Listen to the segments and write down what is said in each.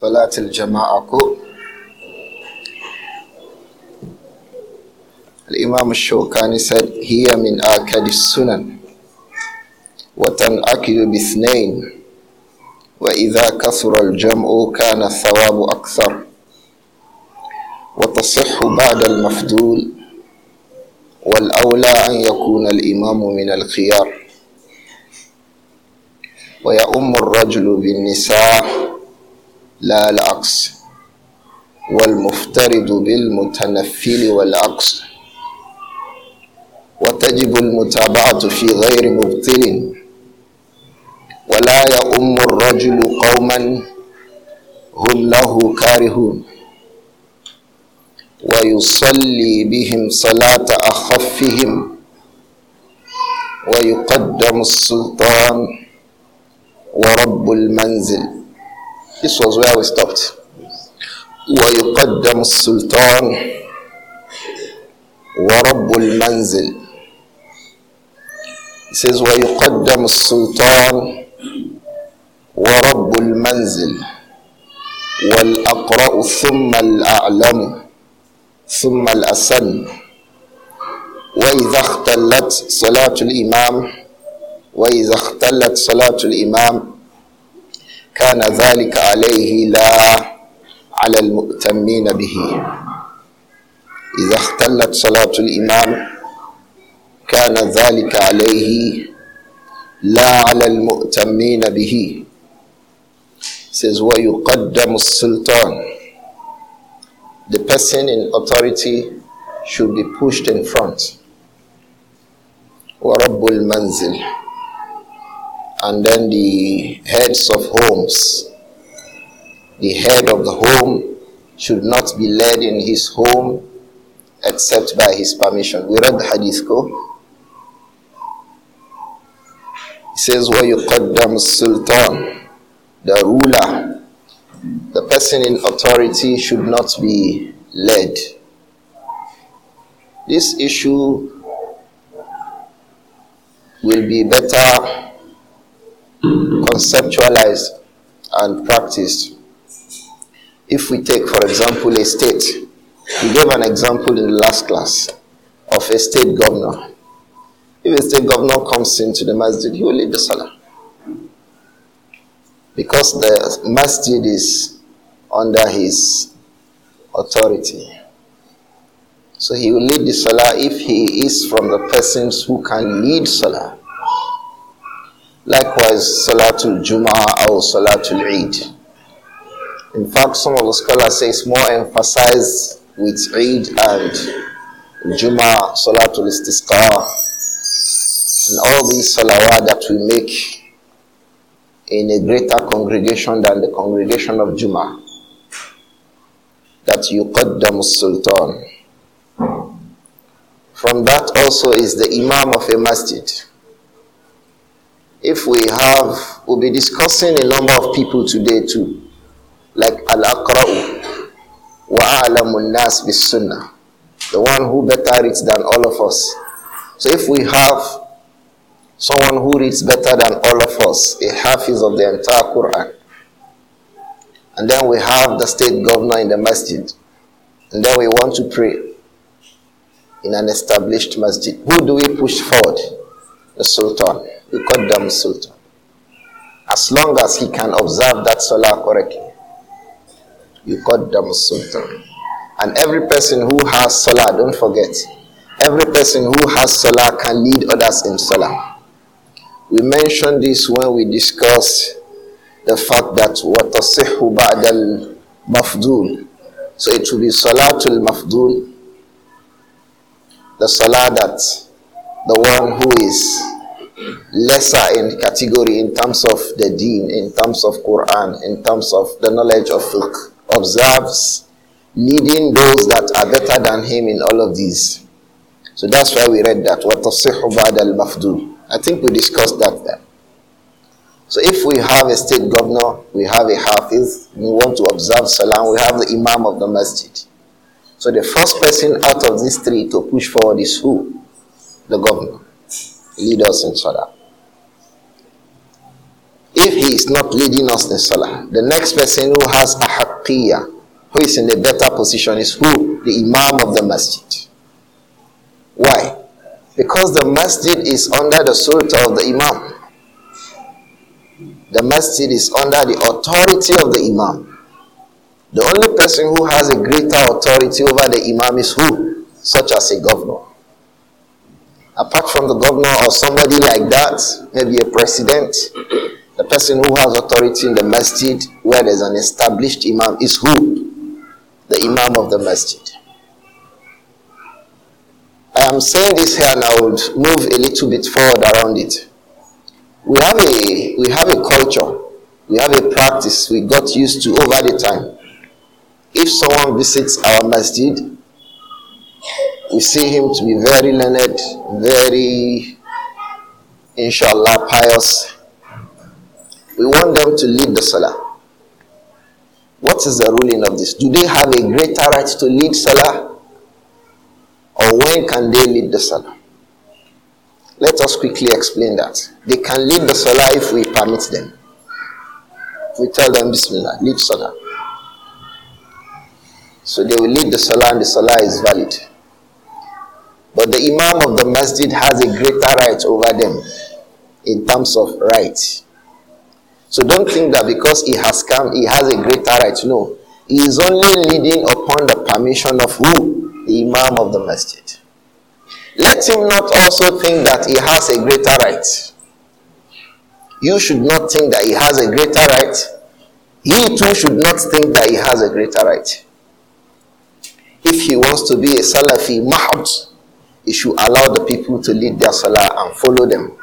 صلاة الجماعة كو الإمام الشوكاني said هي من آكد السنن وتنعقد باثنين وإذا كثر الجمع كان الثواب أكثر وتصح بعد المفضول والأولى أن يكون الإمام من الخيار ويؤم الرجل بالنساء لا العكس والمفترض بالمتنفل والعكس وتجب المتابعة في غير مبطل ولا يؤم الرجل قوما هم له كارهون ويصلي بهم صلاة أخفهم ويقدم السلطان ورب المنزل This was where we stopped. ويقدم السلطان ورب المنزل It says ويقدم السلطان ورب المنزل والأقرأ ثم الأعلم ثم الأسن وإذا اختلت صلاة الإمام وإذا اختلت صلاة الإمام كان ذلك عليه لا على المؤتمين به إذا اختلت صلاة الإمام كان ذلك عليه لا على المؤتمين به says ويقدم السلطان the person in authority should be pushed in front ورب المنزل and then the heads of homes. The head of the home should not be led in his home except by his permission. We read the hadith, go. He says, you down Sultan, The ruler, the person in authority should not be led. This issue will be better conceptualized and practiced. If we take, for example, a state, we gave an example in the last class of a state governor. If a state governor comes into the masjid, he will leave the salah. Because the masjid is under his authority. So he will lead the salah if he is from the persons who can lead salah. Likewise, Salatul Jum'ah or Salatul Eid. In fact, some of the scholars say it's more emphasized with Eid and Jum'ah, Salatul Istisqa, and all these salawat that we make in a greater congregation than the congregation of Juma. That yuqaddam sultan. From that also is the imam of a masjid. If we have, we'll be discussing a number of people today too, like Al Aqra'u wa A'lamun Nas bis Sunnah, the one who better reads than all of us. So if we have someone who reads better than all of us, a hafiz of the entire Quran, and then we have the state governor in the masjid, and then we want to pray in an established masjid. Who do we push forward? The Sultan them Sultan. as long as he can observe that salah correctly you them Sultan. and every person who has salah don't forget every person who has salah can lead others in salah we mentioned this when we discussed the fact that وَتَصِحُ al mafdul. So it will be Salatul Mafdul, the Salah that the one who is lesser in category in terms of the deen, in terms of Quran, in terms of the knowledge of fiqh, observes leading those that are better than him in all of these. So that's why we read that. وَتَصِحُ بَعْدَ الْمَفْدُولِ I think we discussed that there. So if we have a state governor, we have a hafiz, we want to observe salam, we have the imam of the masjid. So the first person out of these three to push forward is who? The governor lead us in salah. If he is not leading us in salah, the next person who has a haqqiyah, who is in a better position, is who? The imam of the masjid. Why? Because the masjid is under the sultan of the imam. The masjid is under the authority of the imam. The only person who has a greater authority over the imam is who? Such as a governor apart from the governor or somebody like that, maybe a president, the person who has authority in the masjid where there's an established imam is who? The imam of the masjid. I am saying this here and I would move a little bit forward around it. We have a we have a culture, we have a practice we got used to over the time. If someone visits our masjid, we see him to be very learned, very, inshallah, pious. We want them to lead the salah. What is the ruling of this? Do they have a greater right to lead salah? Or when can they lead the salah? Let us quickly explain that. They can lead the salah if we permit them. If we tell them, Bismillah, lead salah. So they will lead the salah and the salah is valid. But the Imam of the masjid has a greater right over them in terms of right. So don't think that because he has come, he has a greater right. No. He is only leading upon the permission of who? The Imam of the masjid. Let him not also think that he has a greater right. You should not think that he has a greater right. He too should not think that he has a greater right. If he wants to be a Salafi Mahoud, you should allow the people to lead their salah and follow them.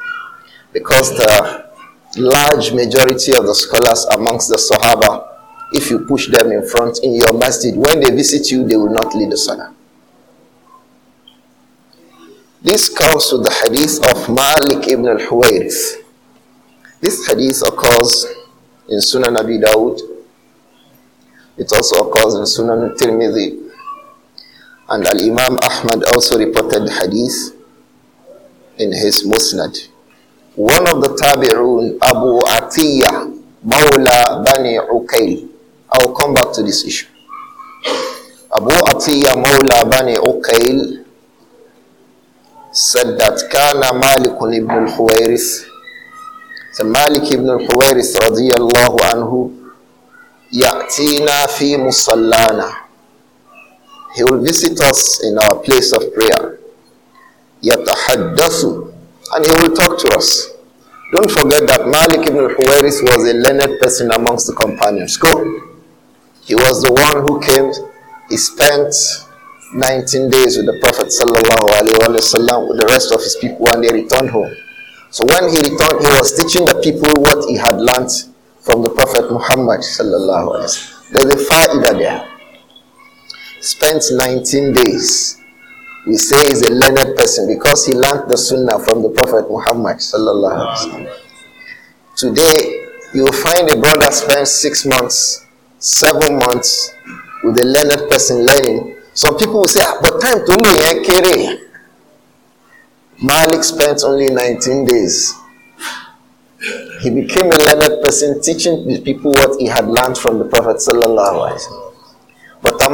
Because the large majority of the scholars amongst the Sahaba, if you push them in front in your masjid, when they visit you, they will not lead the salah. This comes to the hadith of Malik ibn al huwayrith This hadith occurs in Sunan Abi Dawud. It also occurs in Sunan Tirmidhi And Al Imam Ahmad also reported hadith in his Musnad. One of the Tabi'un, Abu Atiyah, Mawla Bani Uqail. I will come back to this issue. Abu Atiyah Mawla Bani Uqail said that Kana Malik ibn al-Huwairis. So Malik ibn al-Huwairis radiyallahu anhu, ya'tina fi musallana He will visit us in our place of prayer. يَتَحَدَّثُ And he will talk to us. Don't forget that Malik ibn Huwairis was a learned person amongst the companions. Go. He was the one who came, he spent 19 days with the Prophet وسلم, with the rest of his people and they returned home. So when he returned, he was teaching the people what he had learnt from the Prophet Muhammad. There's a fire there spent 19 days. We say he's a learned person because he learned the Sunnah from the Prophet Muhammad. Today, you will find a brother spent six months, seven months with a learned person learning. Some people will say, ah, but time to me, eh, kere. Malik spent only 19 days. He became a learned person teaching the people what he had learned from the Prophet. Sallallahu Alaihi Wasallam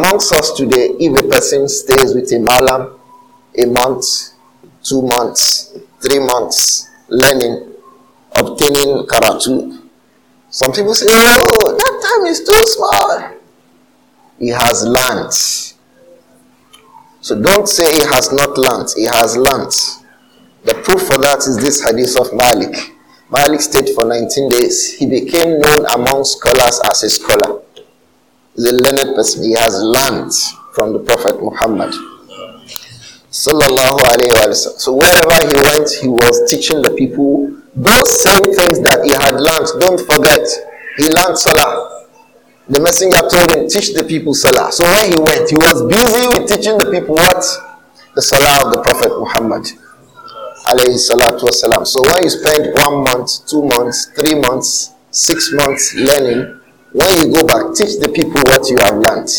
amongst us today, if a person stays with a malam a month, two months, three months, learning, obtaining karatu, some people say, oh, that time is too small. He has learned. So don't say he has not learned. He has learned. The proof for that is this hadith of Malik. Malik stayed for 19 days. He became known among scholars as a scholar is a learned person. He has learned from the Prophet Muhammad. Sallallahu alayhi wa So wherever he went, he was teaching the people those same things that he had learned. Don't forget, he learned Salah. The messenger told him, teach the people Salah. So where he went, he was busy with teaching the people what? The Salah of the Prophet Muhammad. Alayhi salatu wasalam. So when you spend one month, two months, three months, six months learning, when you go back, teach the people what you have learned.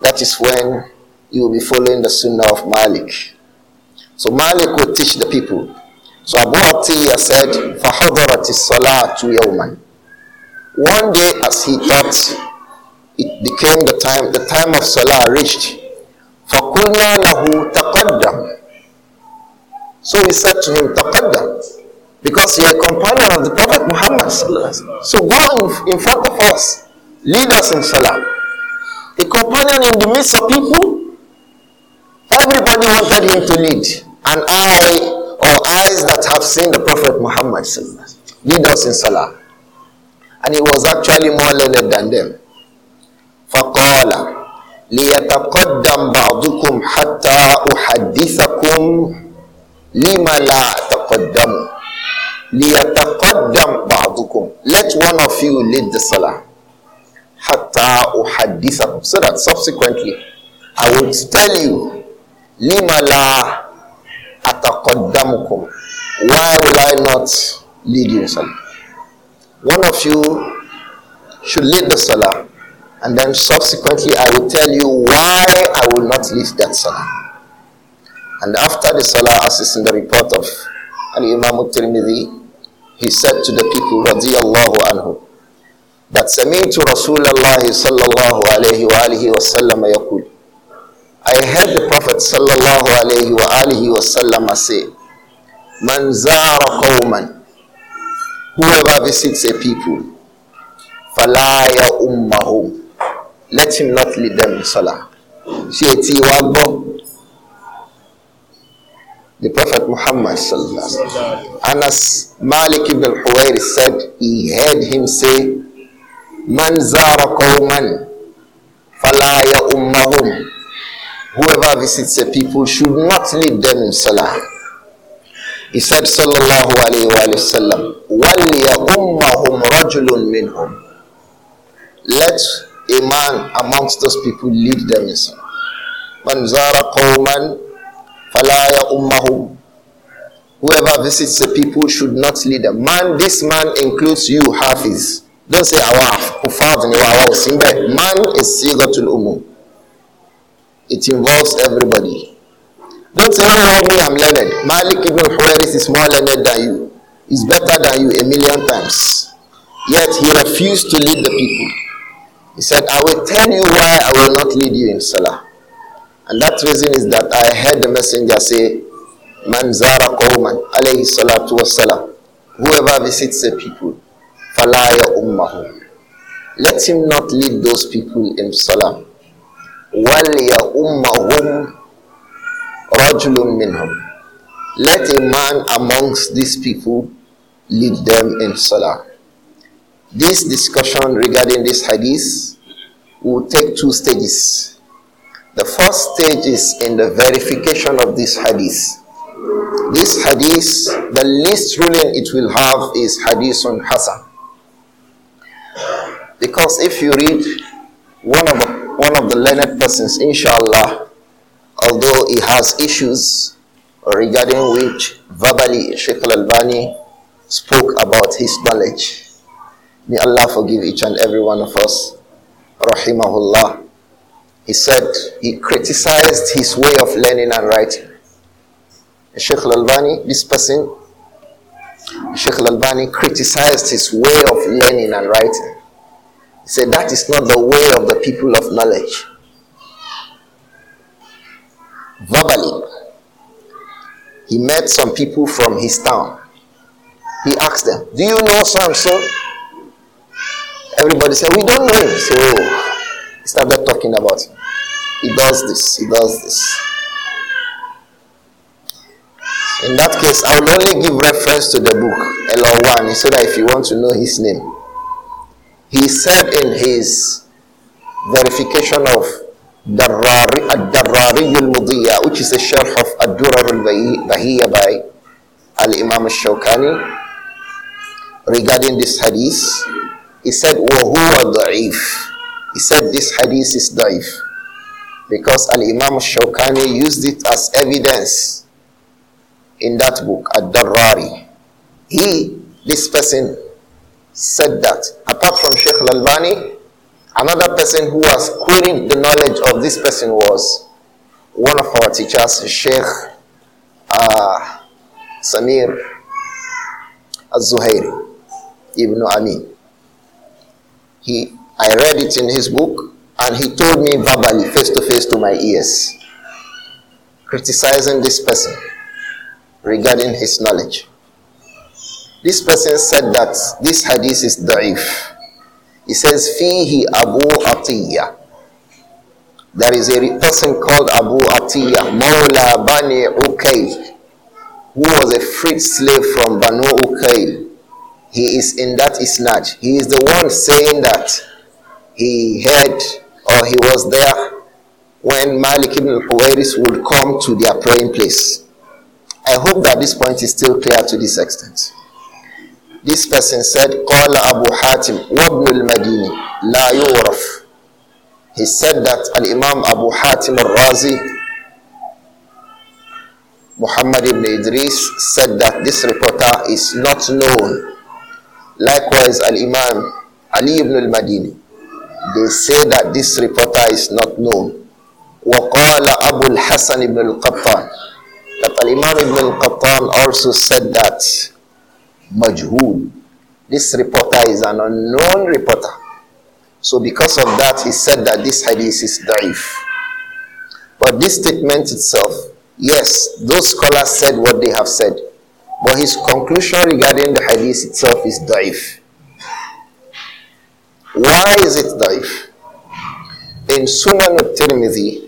That is when you will be following the sunnah of Malik. So Malik will teach the people. So Abu Atiyah said, فَحَضَرَتِ الصَّلَاةُ يَوْمًا One day as he taught, it became the time, the time of Salah reached. فَقُلْنَا لَهُ تَقَدَّمْ So he said to him, تَقَدَّمْ because you're a companion of the Prophet Muhammad. So go in, front of us. Lead us in Salah. A companion in the midst of people, everybody wanted him to lead. And I, or eyes that have seen the Prophet Muhammad, lead us in Salah. And he was actually more learned than them. فقال ليتقدم بعضكم حتى أحدثكم لما لا تقدموا ليتقدم بعضكم let one of you lead the salah حتى أحدثكم so that subsequently I will tell you لما لا أتقدمكم why will I not lead you salah one of you should lead the salah and then subsequently I will tell you why I will not lead that salah and after the salah as is in the report of Al Imam al-Tirmidhi, he said to the people, radiyallahu anhu, that Sami'tu Rasulullah sallallahu alayhi wa alihi wa sallam yaqul. I heard the Prophet sallallahu alayhi wa alihi wa sallam say, Man zara qawman, whoever visits a people, falaya ummahum, let him not lead them in salah. Ṣé ti the Prophet Muhammad Anas Malik ibn Huwairi said, he heard him say, Man zara qawman ya ummahum. Whoever visits a people should not lead them in salah. He said, Sallallahu alayhi wa sallam, ya ummahum rajulun minhum. Let a man amongst those people lead them in salah. Man zara qawman Falaya ummahum. Whoever visits the people should not lead them. Man, this man includes you, Hafiz. Don't say awaf, ufad, simba. Man is sigatul umum. It involves everybody. Don't say, oh, me, I'm learned. Malik ibn Huwaris is more learned than you. He's better than you a million times. Yet he refused to lead the people. He said, I will tell you why I will not lead you in Salah. And that reason is that I heard the messenger say, Man zara qawman, alayhi salatu wassalam. Whoever visits the people, falaya ummahum. Let him not lead those people in salah. Waliya ummahum rajulun minhum. Let a man amongst these people lead them in salah. This discussion regarding this hadith will take two stages. The first stage is in the verification of this hadith. This hadith, the least ruling it will have is hadith on Hassan. Because if you read one of the, one of the learned persons, inshallah, although he has issues regarding which verbally Sheikh Al-Albani spoke about his knowledge. May Allah forgive each and every one of us. Rahimahullah. He said he criticized his way of learning and writing. Sheikh Al-Albani, this person, Sheikh Al-Albani criticized his way of learning and writing. He said that is not the way of the people of knowledge. Verbally, he met some people from his town. He asked them, Do you know so and so? Everybody said, We don't know him. So, oh, he started talking about him. He does this, he does this. In that case, I will only give reference to the book, Elon 1, so that if you want to know his name, he said in his verification of Darrari al Mudiya, which is a sharh of Ad-Durar al-Bahiyya by Al-Imam al-Shawkani, regarding this hadith, he said, the ضَعِيفٌ He said this hadith is daif because Al Imam Shawkani used it as evidence in that book, Ad Darrari. He, this person, said that apart from Sheikh Al another person who was quoting the knowledge of this person was one of our teachers, Sheikh uh, Samir Al Zuhairi Ibn Amin. He, I read it in his book and he told me verbally, face to face to my ears, criticizing this person regarding his knowledge. This person said that this hadith is da'if. He says, Fihi Abu Atiyah. There is a person called Abu Atiyah, Mawla Bani Uqayl, who was a freed slave from Banu Uqayl. He is in that isnaj. He is the one saying that he heard he was there when Malik ibn Huwairis would come to their praying place. I hope that this point is still clear to this extent. This person said, Call Abu Hatim, al Madini, La Yuraf. He said that Al Imam Abu Hatim al Razi, Muhammad ibn Idris, said that this reporter is not known. Likewise, Al Imam Ali ibn al Madini. They say that this reporter is not known. وقال أبو الحسن بن القطان that Imam Ibn al-Qattan also said that majhul this reporter is an unknown reporter so because of that he said that this hadith is da'if but this statement itself yes those scholars said what they have said but his conclusion regarding the hadith itself is da'if why is it daif? In Sunan al-Tirmidhi,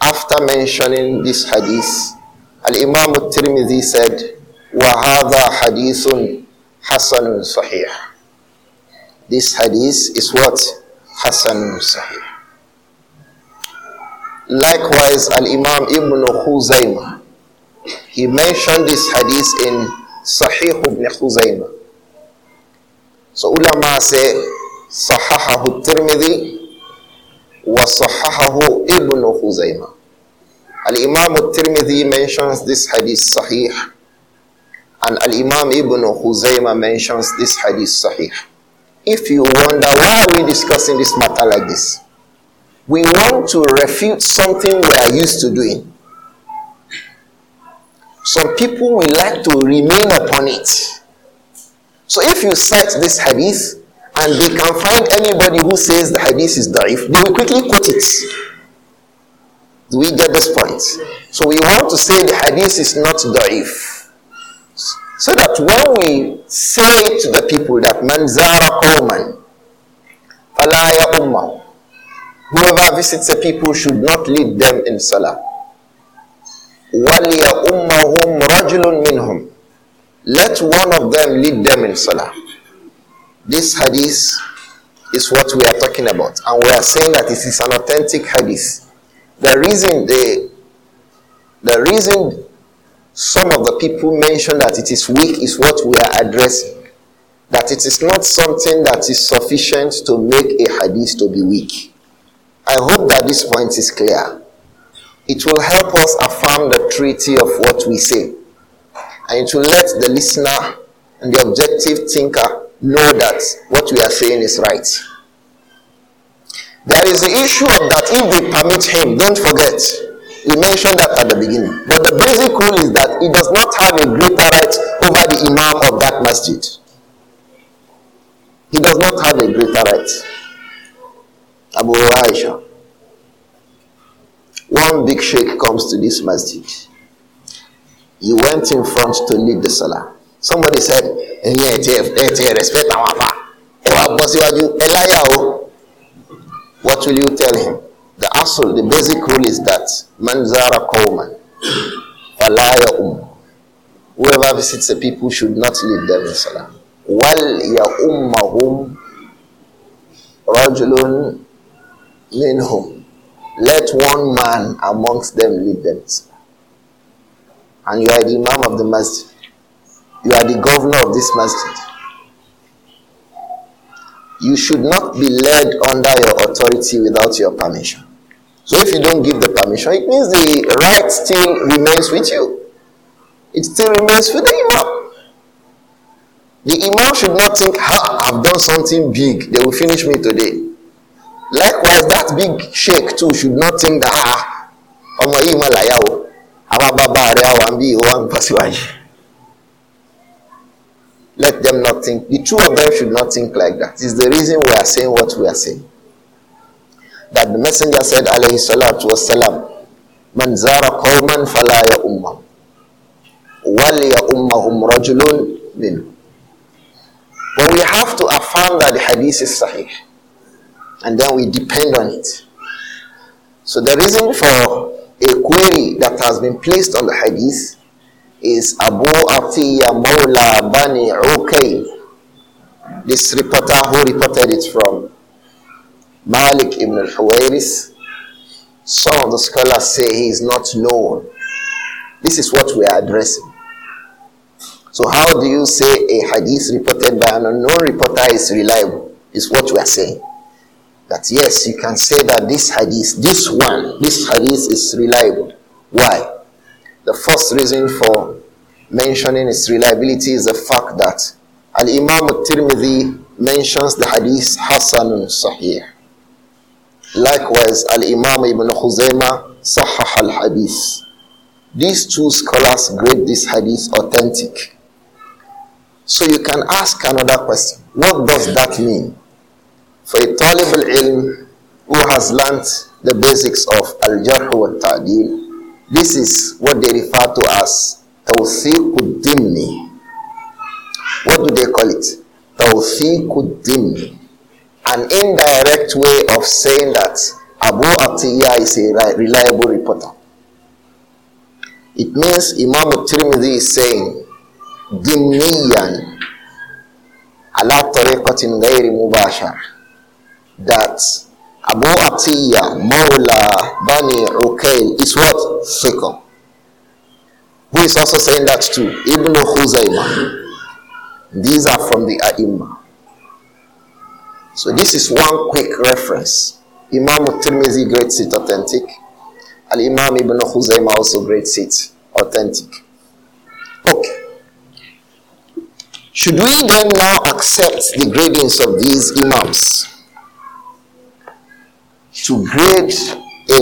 after mentioning this hadith, Al-Imam al-Tirmidhi said, وَهَذَا حَدِيثٌ حَسَنٌ صَحِيحٌ This hadith is what? حَسَنٌ صَحِيحٌ Likewise, Al-Imam Ibn Khuzaymah, he mentioned this hadith in Sahih Ibn Khuzaymah. So ulama say, صححه الترمذي وصححه ابن خزيمة الإمام الترمذي mentions this hadith صحيح and Al-Imam Ibn Khuzaymah mentions this hadith sahih. If you wonder why are we discussing this matter like this, we want to refute something we are used to doing. Some people will like to remain upon it. So if you cite this hadith, and they can find anybody who says the hadith is da'if, they will quickly quote it. Do we get this point? So we want to say the hadith is not da'if. So that when we say to the people that man zara qawman, ya umma, whoever visits a people should not lead them in salah. وَلْيَأُمَّهُمْ رَجُلٌ مِّنْهُمْ Let one of them lead them in salah. This hadith is what we are talking about, and we are saying that it is an authentic hadith. The reason the the reason some of the people mention that it is weak is what we are addressing. That it is not something that is sufficient to make a hadith to be weak. I hope that this point is clear. It will help us affirm the treaty of what we say. And it will let the listener and the objective thinker know that what we are saying is right. There is the issue of that if we permit him, don't forget, he mentioned that at the beginning. But the basic rule is that he does not have a greater right over the imam of that masjid. He does not have a greater right. Abu Aisha. One big sheikh comes to this masjid. He went in front to lead the salah somebody said ẹ̀yin ẹ̀ tí respect àwọn àbá ẹ̀ wá bọ́ síwájú ẹ̀ láyà o what will you tell him the asul the basic rule is that man zara qawman falaya um whoever visits the people should not leave them in salah wal ya hum, rajulun minhum let one man amongst them lead them and you are the imam of the masjid You are the governor of this masjid. You should not be led under your authority without your permission. So if you don't give the permission, it means the right still remains with you. It still remains with the imam. The imam should not think, ha, I've done something big. They will finish me today. Likewise, that big sheikh too should not think that, "Ha, ah, ọmọ yìí mọ̀ láyà o, àwọn bàbá rẹ̀ wà ń bí ìwọ́n ń Let them not think. The two of them should not think like that. Is the reason we are saying what we are saying. That the messenger said, alayhi salatu wasalam, Man zara qawman fala ya umma Wal ya ummahum rajulun But we have to affirm that the hadith is sahih. And then we depend on it. So the reason for a query that has been placed on the hadith is Abu Atiya Mawla Bani Uqayl. This reporter who reported it from Malik ibn al-Huwairis, some of the scholars say he is not known. This is what we are addressing. So how do you say a hadith reported by an unknown reporter is reliable? Is what we are saying. That yes, you can say that this hadith, this one, this hadith is reliable. Why? The first reason for mentioning its reliability is the fact that Al Imam al Tirmidhi mentions the hadith Hassanun Sahih. Likewise, Al Imam ibn Khuzaimah Sahah al Hadith. These two scholars grade this hadith authentic. So you can ask another question What does that mean? For a Talib al ilm who has learnt the basics of Al Jarh wa Ta'dil, this is what they refer to as Tawfiqud What do they call it? Tawfiqud An indirect way of saying that Abu Atiyah is a reliable reporter. It means Imam Tirmidhi is saying, Dimniyan ala tariqatin ghayri mubashar. That Abu Atiyah, Mawla Bani Uqail is what? Fiqh. Who is also saying that too? Ibn al-Huzaima? These are from the Aima. So this is one quick reference. Imam al-Tirmidhi grades it authentic. Al-Imam Ibn al-Huzaima also grades it authentic. Okay. Should we then now accept the gradings of these imams? To grade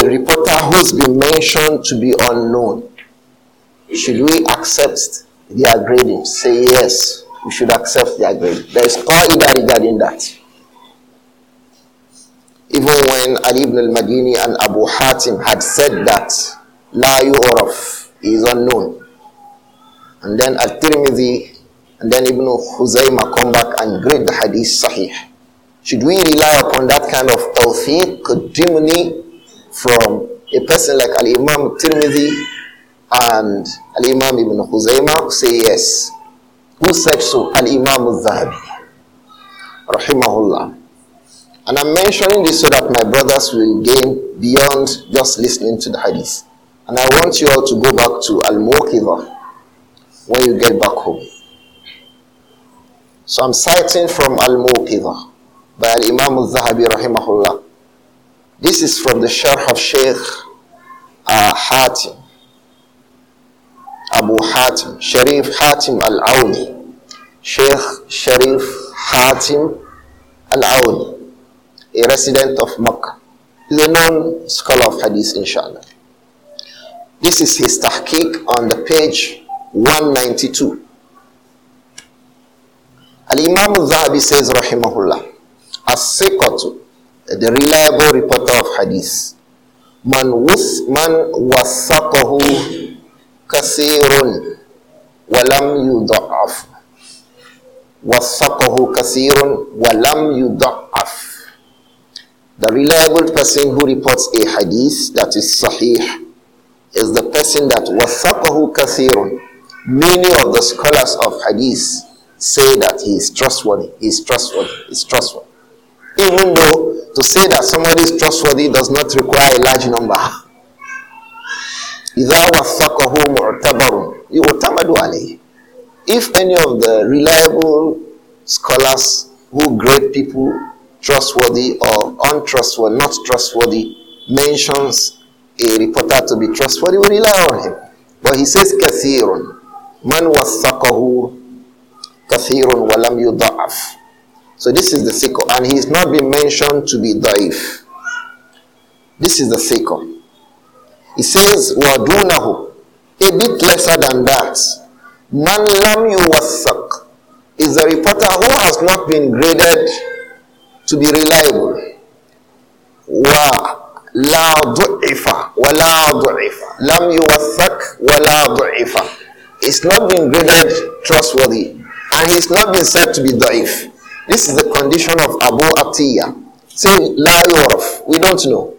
a reporter who's been mentioned to be unknown should we accept their grading? Say yes, we should accept their grading. There is doubt regarding that. Even when Ali ibn al-Madini and Abu Hatim had said that, La yu'raf, is unknown. And then Al-Tirmidhi and then Ibn Huzaymah come back and grade the hadith sahih. Should we rely upon that kind of tawfiq, dimini from a person like Al-Imam Tirmidhi and Al-Imam Ibn Khuzaymah say yes. Who said so? Al-Imam al-Zahabi. Rahimahullah. And I'm mentioning this so that my brothers will gain beyond just listening to the hadith. And I want you all to go back to Al-Muqidah when you get back home. So I'm citing from Al-Muqidah by al Imam al-Zahabi rahimahullah. This is from the Sharh of Sheikh uh, Hatim. Abu Hatim, Sharif Hatim Al Auni, Sheikh Sharif Hatim Al Auni, a resident of Makkah. He's a known scholar of hadith, inshallah. This is his tahqiq on the page 192. Al Imam Al Zahabi says, Rahimahullah, As Sikatu, the reliable reporter of hadith, Man, was, man wasatahu كثير ولم يضعف وثقه كثير ولم يضعف The reliable person who reports a hadith that is sahih is the person that wathaqahu kathirun. Many of the scholars of hadith say that he is trustworthy, he is trustworthy, he is trustworthy. Even though to say that somebody is trustworthy does not require a large number. إذا وثقه معتبر يعتمد عليه if any of the reliable scholars who grade people trustworthy or untrustworthy, not trustworthy, mentions a reporter to be trustworthy, we rely on him. But he says, Man من وثقه كثير ولم يضعف. So this is the thicker, and he's not been mentioned to be daif. This is the thicker. He says, "Wadunahu," A bit lesser than that. Man لَمْ يُوَثَّقْ Is a reporter who has not been graded to be reliable. وَلَا ضُعِفَ وَلَا ضُعِفَ لَمْ wasak, وَلَا duifa." It's not been graded trustworthy and he's not been said to be da'if. This is the condition of Abu Atiyah. Say, la yoraf. We don't know.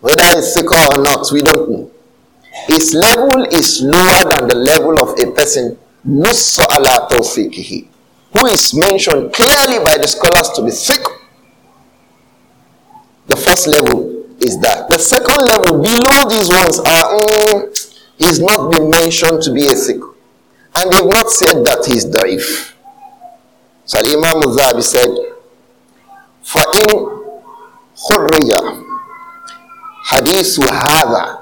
Whether he's sick or not, we don't know. His level is lower than the level of a person who is mentioned clearly by the scholars to be sick. The first level is that. The second level below these ones are mm, he's not been mentioned to be a sick. And they've not said that he's da'if. So Imam Zabi said, فَإِنْ خُرِّيَ hadithu hadha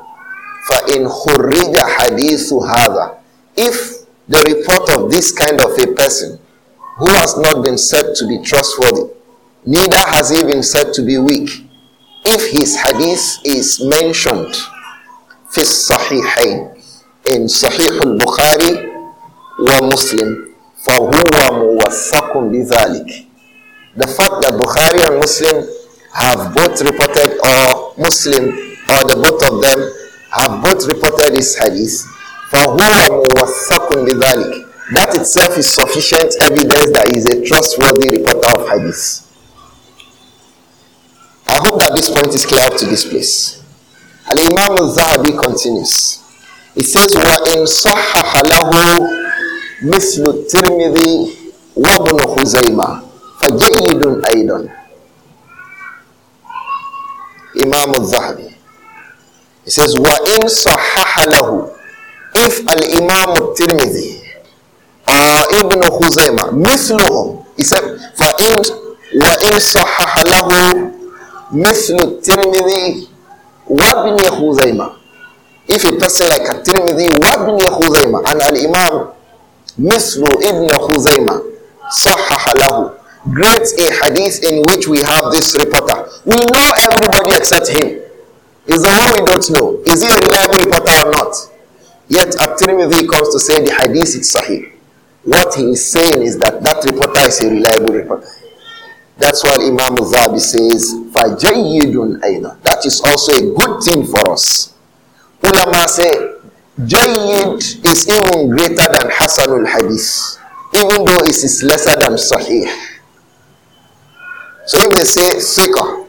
fa in hurrija hadithu hadha if the report of this kind of a person who has not been said to be trustworthy neither has he been said to be weak if his hadith is mentioned في الصحيحين in Sahih al-Bukhari wa Muslim فهو موثق بذلك the fact that Bukhari and Muslim have both reported, or Muslim, or the both of them have both reported this hadith. فَهُوَ مُوَثَّقٌ بِذَلِكَ That itself is sufficient evidence that is a trustworthy reporter of hadith. I hope that this point is clear up to this place. Al-Imam al-Zahabi continues. He says, وَإِنْ صَحَّحَ لَهُ مِثْلُ التِّرْمِذِي وَابْنُ خُزَيْمَةَ فَجَيِّدٌ أَيْضًا Imam al-Zahabi. He says, وَإِن صَحَّحَ لَهُ If al-Imam al-Tirmidhi or uh, Ibn Khuzaymah, مثلهم, he said, فَإِن وَإِن صَحَّحَ لَهُ مثل الترمذي وابن خزيمة if a person like الترمذي وابن خزيمة and الإمام مثل ابن خزيمة صحح له great a hadith in which we have this reporter. We know everybody except him. Is the one we don't know. Is he a reliable reporter or not? Yet At-Tirmidhi comes to say the hadith is sahih. What he is saying is that that reporter is a reliable reporter. That's why Imam Zabi says, That is also a good thing for us. Ulama say, Jayyid is even greater than Hasanul Hadith, even though it is lesser than Sahih. So if they say fiqh,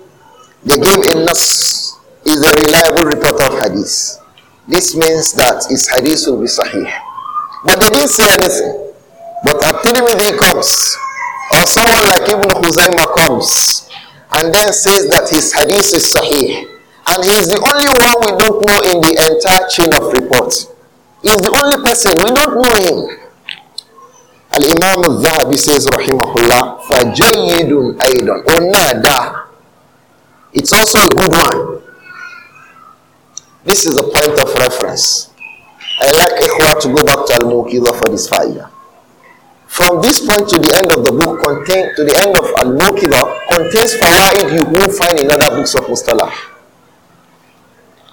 they give a nas is a reliable report of hadith. This means that his hadith will be sahih. But they didn't say anything. But At-Tirmidhi comes, or someone like Ibn Khuzaimah comes, and then says that his hadith is sahih. And he is the only one we don't know in the entire chain of reports. He's the only person, we don't know him. Al-Imam al-Zahabi says, rahimahullah, فَجَيِّدٌ أَيْضًا وَنَادَى It's also a good one. This is a point of reference. I like Ikhwa to go back to Al-Muqidha for this fire. From this point to the end of the book, contain, to the end of Al-Muqidha, contains fawaid you won't find in other books of Mustalah.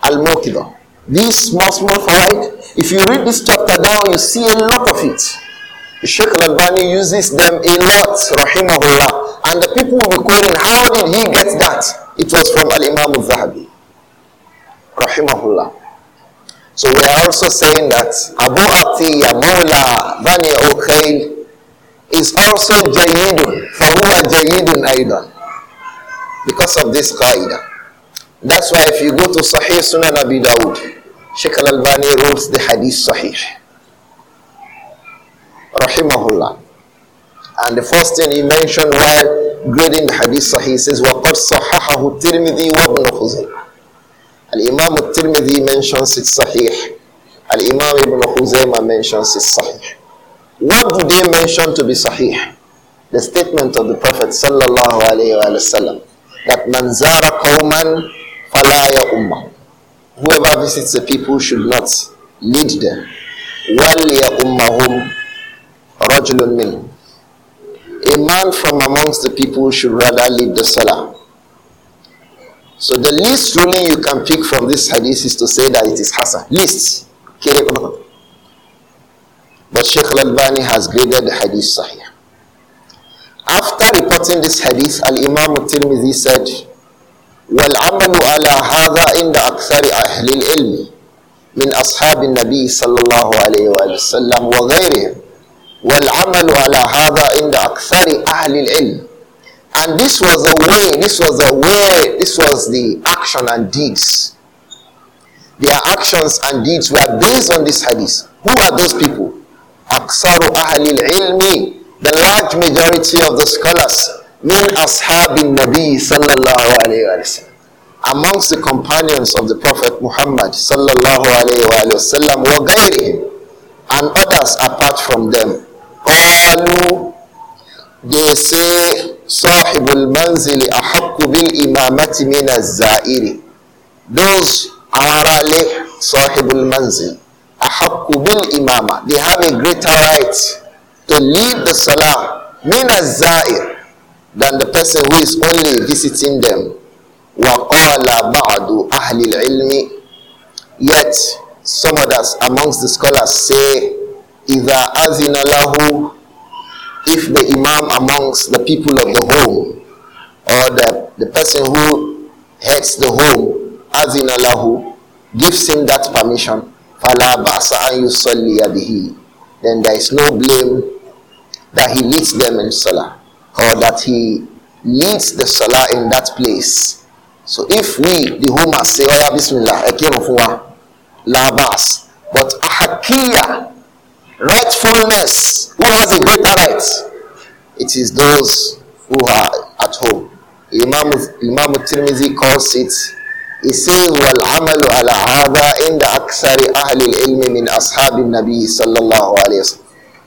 Al-Muqidha. This small, small fawaid, if you read this chapter down, you see a lot of it. Sheikh Al-Albani uses them a lot, rahimahullah. And the people will be quoting, how did he get that? It was from Al-Imam Al-Zahabi, rahimahullah. So we are also saying that Abu Atiyya Mawla Bani Uqayl is also Jayidun, فَهُوَ Jayidun Aydan, because of this qaida. That's why if you go to Sahih Sunan Abi Dawud, Sheikh Al-Albani rules the hadith Sahih. rahimahullah. And the first thing he mentioned while grading the hadith sahih, he says, وَقَدْ صَحَّحَهُ التِّرْمِذِي وَابْنُ خُزَيْمَةَ Al-Imam al-Tirmidhi mentions it sahih. Al-Imam ibn Khuzaymah mentions it sahih. What do they mention to be sahih? The statement of the Prophet sallallahu alayhi wa sallam that man zara qawman falaya ummah. Whoever visits the people should not lead them. وَلْيَأُمَّهُمْ رجل منهم A man from amongst the people should rather leave the salah. So the least ruling you can pick from this hadith is to say that it is Hasan. Least. But Sheikh Al-Albani has graded the hadith sahih. After reporting this hadith, Al-Imam Al-Tirmidhi said, والعمل على هذا عند أكثر أهل العلم من أصحاب النبي صلى الله عليه وسلم وغيرهم وَالْعَمَلُ عَلَى هَذَا عِنْدَ أَكْثَرِ أَهْلِ الْعِلْمِ And this was the way, this was the way, this was the action and deeds. Their actions and deeds were based on this hadith. Who are those people? أَكْثَرُ أَهْلِ الْعِلْمِ The large majority of the scholars min ashabin nabi sallallahu alayhi wa amongst the companions of the prophet muhammad sallallahu alayhi wa sallam and others apart from them قالوا they صاحب المنزل أحق بالإمامة من الزائر those arale صاحب المنزل أحق بالإمامة they have a greater right to lead the salah من الزائر than the person who is only visiting them وقال بعض أهل العلم yet some others amongst the scholars say إذا أذن له if the imam amongst the people of the home or the, the person who heads the home, in lahu, gives him that permission, then there is no blame that he leads them in salah or that he leads the salah in that place. So if we, the homers, say, Oya oh, Bismillah, Ekin Ofuwa, La Bas, but Ahakiya, Rightfulness. Who has a greater right? It is those who are at home. Imam, Imam Tirmizi calls it, he says, وَالْعَمَلُ عَلَى هَذَا عِنْدَ أَكْثَرِ أَهْلِ الْعِلْمِ مِنْ أَصْحَابِ النَّبِيِّ صَلَّى اللَّهُ عَلَيْهِ وسلم.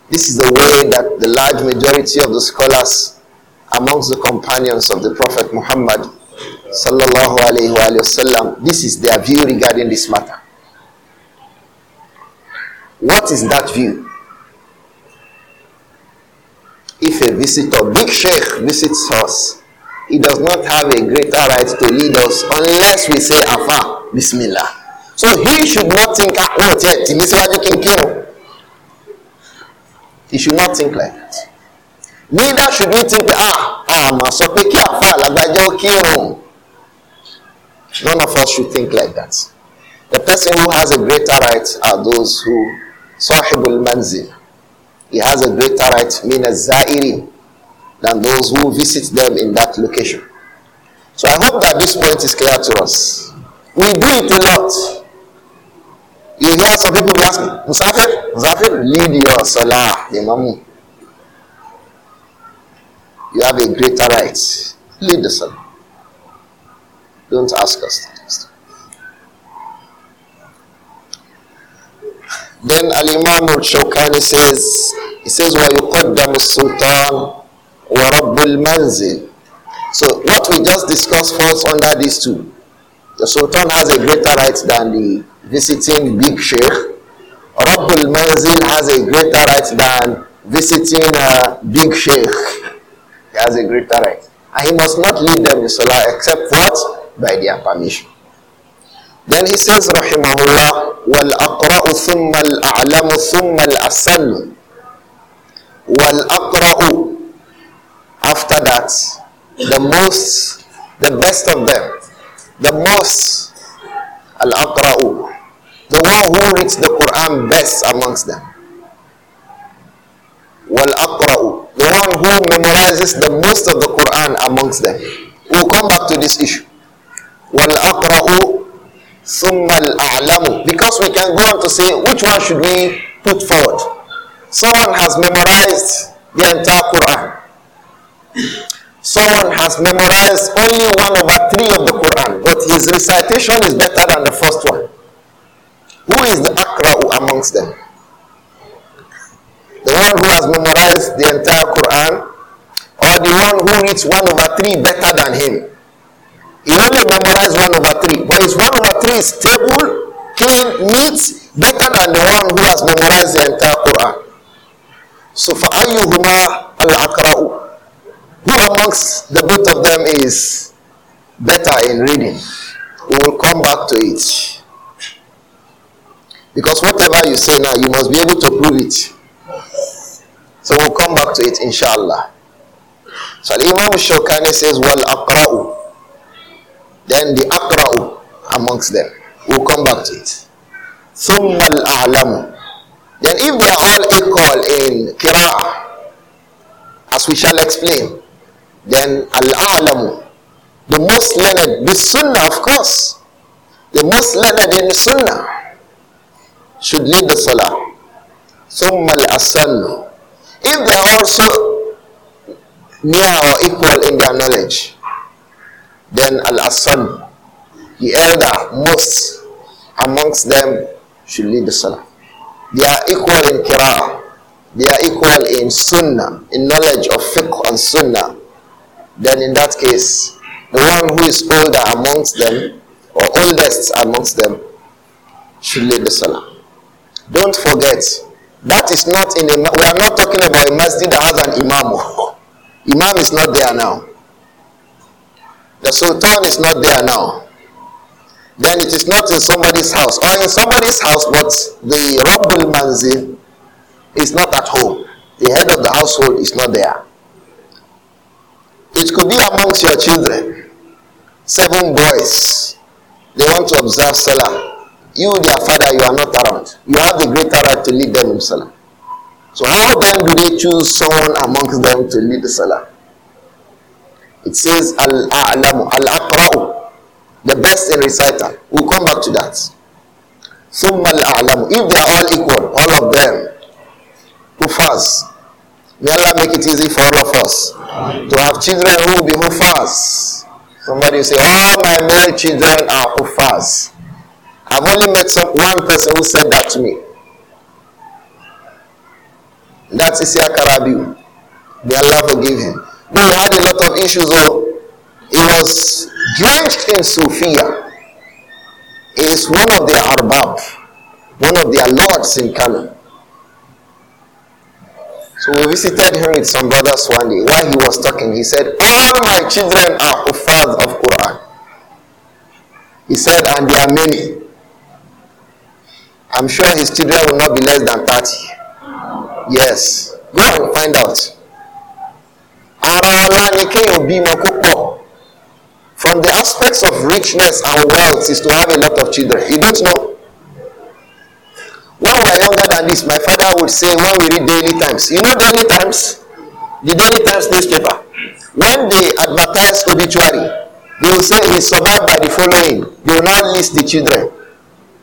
This is the way that the large majority of the scholars amongst the companions of the Prophet Muhammad صلى الله عليه وسلم, this is their view regarding this matter. What is that view? If a visitor, big sheikh, visits us, he does not have a greater right to lead us unless we say Afa, Bismillah. So he should not think, oh, ah, yet, he should not think like that. Neither should we think, ah, ah, ma sọ pé kí àfa àlágbájá ó kírun. None of us should think like that. The person who has a greater right are those who Sahibul Manzi, He has a greater right, min Zairi, than those who visit them in that location. So I hope that this point is clear to us. We do it a lot. You hear some people be asking, Musafir, Musafir, lead your salah, the You have a greater right. Lead the salah. Don't ask us that. Then Al-Imam al-Shawkani says, he says, وَيُقَدَّمُ السُّلْطَانُ وَرَبُّ الْمَنْزِلِ So what we just discussed falls under these two. The Sultan has a greater right than the visiting big sheikh. Rabbul Manzil has a greater right than visiting a uh, big sheikh. He has a greater right. And he must not lead them in Salah except what? By their permission. Then he says, Rahimahullah, wal thumma al a'lamu thumma al ثُمَّ wal وَالْأَقْرَأُ After that, the most, the best of them, the most, Al-Aqra'u, the one who reads the Quran best amongst them. wal وَالْأَقْرَأُ The one who memorizes the most of the Quran amongst them. We'll come back to this issue. wal وَالْأَقْرَأُ because we can go on to say which one should we put forward someone has memorized the entire Quran someone has memorized only one over three of the Quran but his recitation is better than the first one who is the Akra'u amongst them the one who has memorized the entire Quran or the one who reads one over three better than him He only memorized one over three, But his one over three is stable, clean, neat, better than the one who has memorized the entire Quran. So for ayyuhuma al-akra'u. Who amongst the both of them is better in reading? We will come back to it. Because whatever you say now, you must be able to prove it. So we'll come back to it, inshallah. So Imam Shokani says, Wal akra'u. Then the akra'u amongst them. will come back to it. ثُمَّ alam. Then if they are all equal in kira, as we shall explain, then al alam the most learned, the sunnah of course, the most learned in sunnah should lead the salah. ثُمَّ الْأَسَنُّ If they are also near or equal in their knowledge, then Al-Asan, the elder most amongst them should lead the Salah. They are equal in Qira'ah. They are equal in Sunnah, in knowledge of fiqh and Sunnah. Then in that case, the one who is older amongst them, or oldest amongst them, should lead the Salah. Don't forget, that is not in a, we are not talking about a masjid that has an imam. imam is not there now. The sultan is not there now. Then it is not in somebody's house or in somebody's house, but the Rabbul Manzil is not at home. The head of the household is not there. It could be amongst your children. Seven boys, they want to observe Salah. You, their father, you are not around. You have the greater right to lead them in Salah. So, how then do they choose someone amongst them to lead the Salah? It says Al A'lamu, Al Aqra'u, the best in recital. We'll come back to that. Summa Al A'lamu. If they are all equal, all of them, Hufaz. May Allah make it easy for all of us Amen. to have children who will be Hufaz. Somebody say, All my male children are Hufaz. I've only met some, one person who said that to me. That's Isia Karabiu. May Allah forgive him. He had a lot of issues. Though. He was drenched in Sufia. He is one of the Arbab, one of their lords in Kano. So we visited him with some brothers one day. While he was talking, he said, All my children are Uffaz of Quran. He said, And there are many. I'm sure his children will not be less than 30. Yes. Go and find out ara ńlá ni kéèyàn bímọ kó pọ̀ from the aspects of richness and wealth is to have a lot of children you don't know when we are younger than this my father would say when we read daily times you know daily times the daily times newspaper when they advertise obituary they will say he survived by the following they will now list the children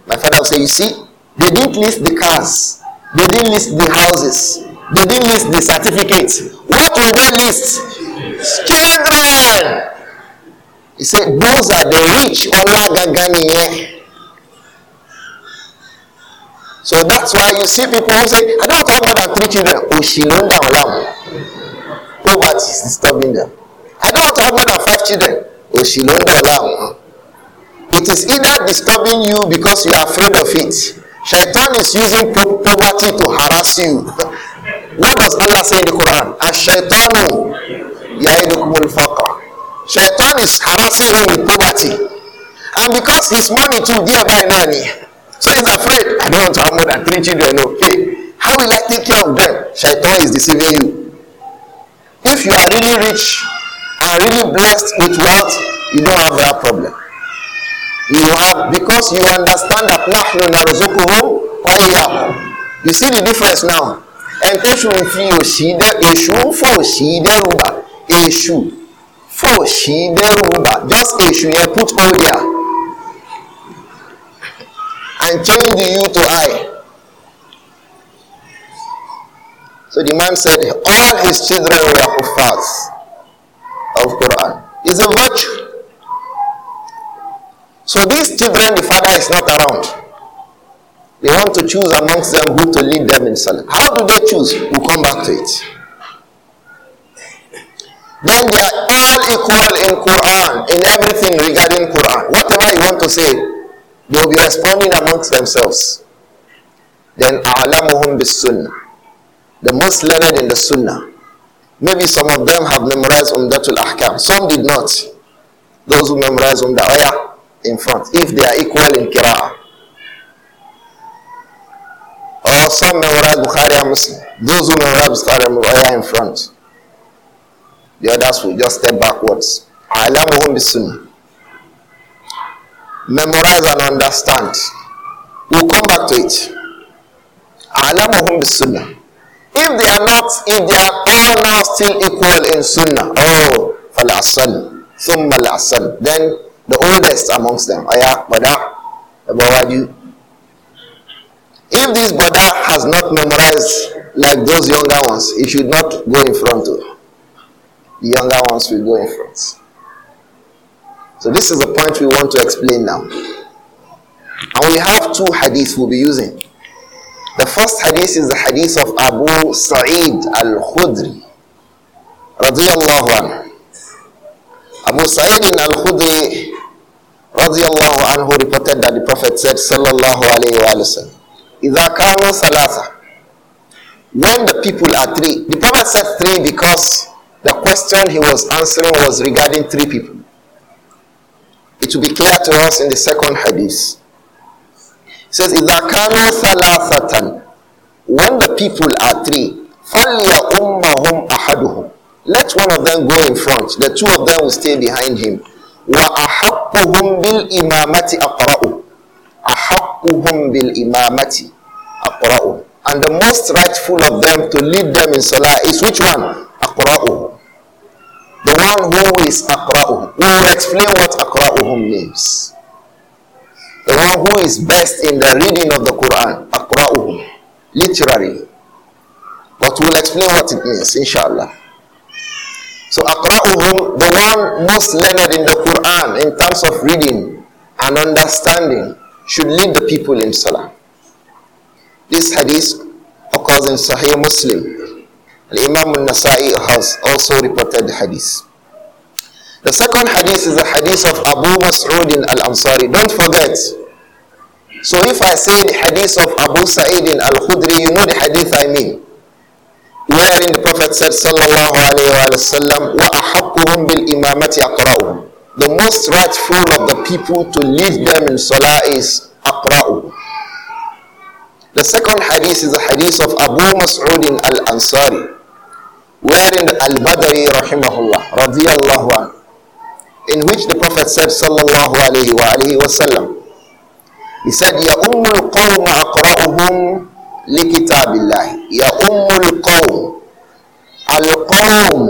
my father would say you see they didn't list the cars they didn't list the houses they didn't list the certificate what will they list children he said those are the rich ọlá gangan nìyẹn. So that's why you see people who say, I don't have more than three children. Oshinonda Olamu. Poverty is disturbing them. I don't have more than five children. Oshinonda Olamu. It is either disturbing you because you are afraid of it. Shaitan is using poverty to harass you. What does Allah say in the Quran? Ash-shaytanu ya'idukumul faqa. Shaytan is harassing him with poverty. And because his money too dear by nanny, so he's afraid. I don't want to have more than three children. Okay, how will I take care of them? Shaitan is deceiving you. If you are really rich and really blessed with wealth, you don't have that problem. You have because you understand that نحن نرزقهم وإياهم. You see the difference now. ẹni tó sùn fi òṣì dẹ èṣù ń fò òṣì dẹ́rù bà èṣù fò òṣì dẹ́rù bà just èṣù yẹn put all there and change the you to I. So the man said, all his children were kuffars of Quran. It's a virtue. So these children, the father is not around. They want to choose amongst them who to lead them in Salah. How do they choose? We'll come back to it. Then they are all equal in Quran, in everything regarding Quran. Whatever you want to say, they will be responding amongst themselves. Then أعلمهم Sunnah, The most learned in the Sunnah. Maybe some of them have memorized Umdatul Ahkam. Some did not. Those who memorized Umdah, oh in front. If they are equal in Qira'ah. But some memorize Bukhari and Muslim. Those who memorize Bukhari and Muslim are in front. The others will just step backwards. Alamuhum bisunni. Memorize and understand. We'll come back to it. Alamuhum bisunni. If they are not, if they are all now still equal in sunnah, oh, falasan, thumma lasan, then the oldest amongst them, ayah, bada, abawaju, if this brother has not memorized like those younger ones, he should not go in front. Of. The younger ones will go in front. So this is the point we want to explain now. And we have two hadiths we'll be using. The first hadith is the hadith of Abu Sa'id al-Khudri. Abu Sa'id al-Khudri radiallahu anhu reported that the Prophet said sallallahu alayhi إذا salasa. when the people are three the prophet said three because the question he was answering was regarding three people it will be clear to us in the second hadith it says إذا كانوا ثلاثة when the people are three ummahum ahaduhum. let one of them go in front the two of them will stay behind him bil imamati أقرأهم haqqahum bil imamati aqra'uhum and the most rightful of them to lead them in salah is which one aqra'uhum the one who is aqra'uhum we will explain what aqra'uhum means the one who is best in the reading of the Quran aqra'uhum literally but we'll explain what it means inshallah so aqra'uhum the one most learned in the Quran in terms of reading and understanding should lead the people in salah. This hadith occurs in Sahih Muslim. Al Imam al Nasa'i has also reported the hadith. The second hadith is the hadith of Abu Mas'ud al Ansari. Don't forget. So if I say the hadith of Abu Sa'id al Khudri, you know the hadith I mean. Wherein the Prophet said, Sallallahu Alaihi Wasallam, وَأَحَقُّهُمْ بِالْإِمَامَةِ أَقْرَأُهُمْ the most rightful of the people to lead them in salah is aqra'u. The second hadith is the hadith of Abu Mas'ud al-Ansari, wherein al-Badri rahimahullah, radiyallahu anhu, in which the Prophet said, sallallahu alayhi wa alayhi wa sallam, he said, يَأُمُّ الْقَوْمَ أَقْرَأُهُمْ لِكِتَابِ اللَّهِ يَأُمُّ الْقَوْمَ Al-Qawm,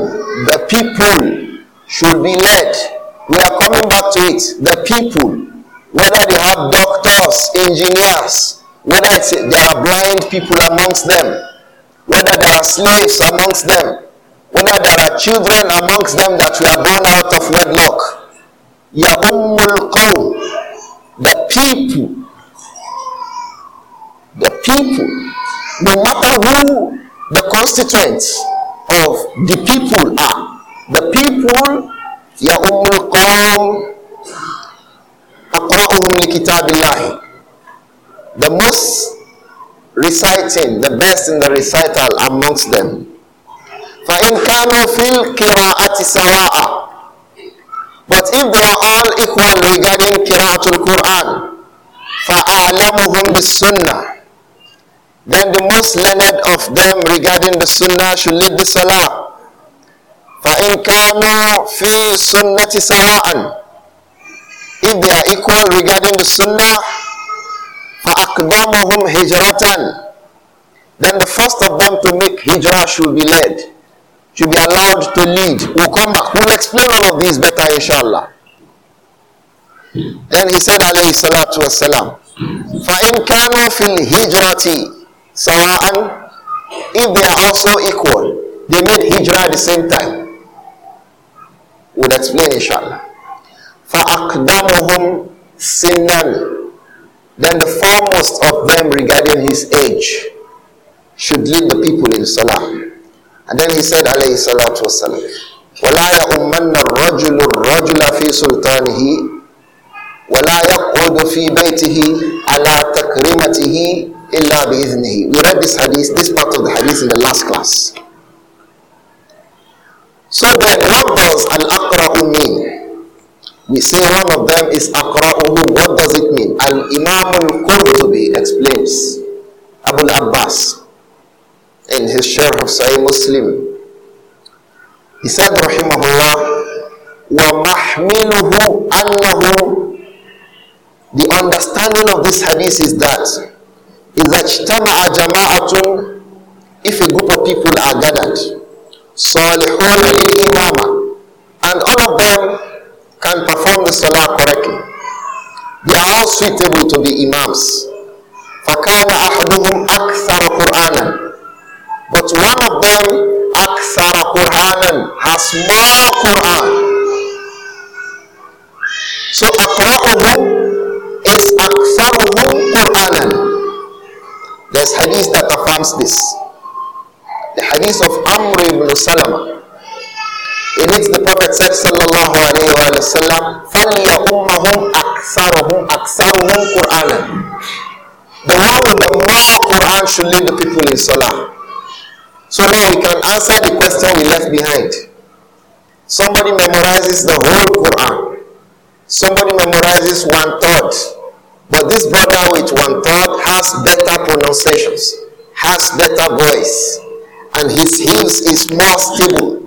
the people, should be led we are coming back to it. The people, whether they have doctors, engineers, whether it's, there are blind people amongst them, whether there are slaves amongst them, whether there are children amongst them that were born out of wedlock. Yahumul Qawm, the people, the people, no matter who the constituents of the people are, the people ya ummul qawm aqra'uhum li kitabillah the most reciting the best in the recital amongst them فإن كانوا في القراءة سواء but if they are all equal regarding قراءة القرآن فأعلمهم بالسنة then the most learned of them regarding the sunnah should lead the salah fa in kanu fi sunnati sawa'an if they are equal regarding the sunnah fa aqdamuhum hijratan then the first of them to make hijrah should be led should be allowed to lead we'll come back we'll explain all of these better inshallah then he said alayhi salatu wassalam fa in kanu fil hijrati sawa'an if they are also equal they made hijrah at the same time With explanation, explain inshallah. فَأَقْدَمُهُمْ سِنًّا Then the foremost of them regarding his age should lead the people in salah. And then he said, alayhi salatu wasalam, وَلَا يَأُمَّنَّ الرَّجُلُ الرَّجُلَ فِي سُلْطَانِهِ ولا يقعد في بيته على تكريمته إلا بإذنه. We read this hadith, this part of the hadith in the last class. So then, what al-aqra'u mean? We say one of them is aqra'uhu. What does it mean? Al-Imam al-Qurtubi explains. Abu al-Abbas in his Sharh of Sahih Muslim. He said, rahimahullah, وَمَحْمِلُهُ أَنَّهُ The understanding of this hadith is that If a group of people are gathered, صَالِحُونَ لِلْإِمَامَةِ and all of them can perform the salah correctly. They are all suitable to be imams. فَكَانَ أَحْدُهُمْ أَكْثَرَ قُرْآنًا But one of them, أَكْثَرَ قُرْآنًا, has more Qur'an. So أَقْرَأُهُمْ is أَكْثَرُهُمْ قُرْآنًا. There's hadith that affirms this. The hadith of Amr ibn Salama it is the Prophet said, sallallahu Alaihi Wasallam, sallam, فَلْيَأُمَّهُمْ أَكْثَرُهُمْ أَكْثَرُهُمْ قُرْآنًا The one with the more Quran should lead the people in Salah. So now we can answer the question we left behind. Somebody memorizes the whole Quran. Somebody memorizes one third. But this brother with one third has better pronunciations, has better voice, and his heels is more stable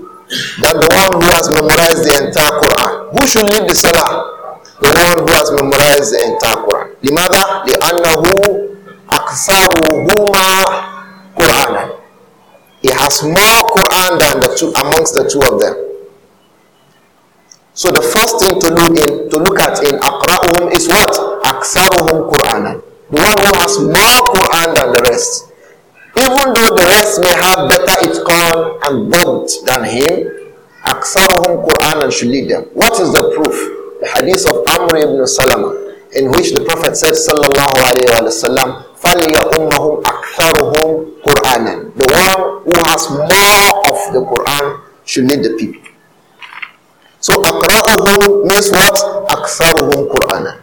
than the one who has memorized the entire Quran. Who should lead the Salah? The one who has memorized the entire Quran. لماذا؟ لأنه أكثرهما Quran. He has more Quran than the two amongst the two of them. So the first thing to look in to look at in Aqra'uhum is what? Aksaruhum Quran. The one who has more Quran than the rest even though the rest may have better itqan and dhabt than him, أكثرهم Quran should lead them. What is the proof? The hadith of Amr ibn Salama, in which the Prophet said, sallallahu alayhi wasallam, sallam, فَلْيَأُمَّهُمْ أَكْثَرُهُمْ قُرْآنًا The one who has more of the Quran should lead the people. So أَقْرَأُهُمْ means what? أَكْثَرُهُمْ قُرْآنًا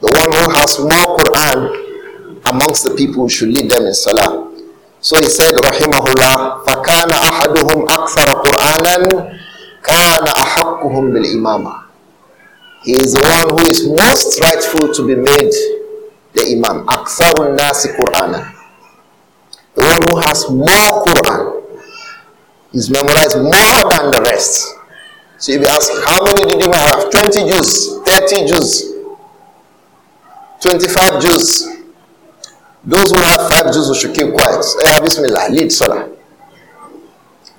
The one who has more Quran amongst the people should lead them in Salah. So he said, Rahimahullah, فَكَانَ أَحَدُهُمْ أَكْثَرَ قُرْآنًا كَانَ أَحَقُّهُمْ بِالْإِمَامَةِ He is the one who is most rightful to be made the Imam. أَكْثَرُ النَّاسِ قُرْآنًا The one who has more Quran is memorized more than the rest. So if you ask, how many did you have? 20 Jews, 30 Jews, 25 Jews, Those who have five juzu should keep quiet. Ẹ yà ah, bismillah lead sọ̀rọ̀.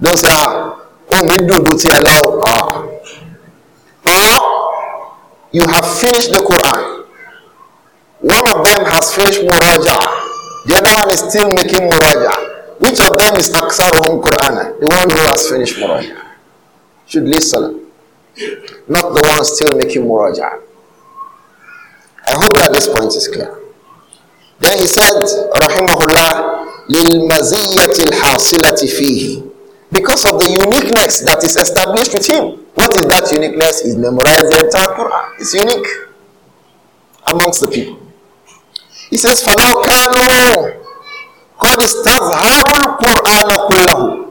Don't say ah ohun mi dùn dùn ti ẹ ah. Or you have finished the Quran. One of them has finished Muraja. The other one is still making Muraja. Which of them is Aksaruhum Quran? The one who has finished Muraja should lead Salah. Not the one still making Muraja. I hope that this point is clear. Then he رحمه الله لِلْمَزِيَّةِ الْحَاصِلَةِ فِيهِ Because of the uniqueness that is established with him. What is that uniqueness? He's memorized the entire Quran. It's unique amongst the people. He says, فَلَوْ كَانُوا قَدْ اسْتَظْهَرُوا الْقُرْآنَ كُلَّهُ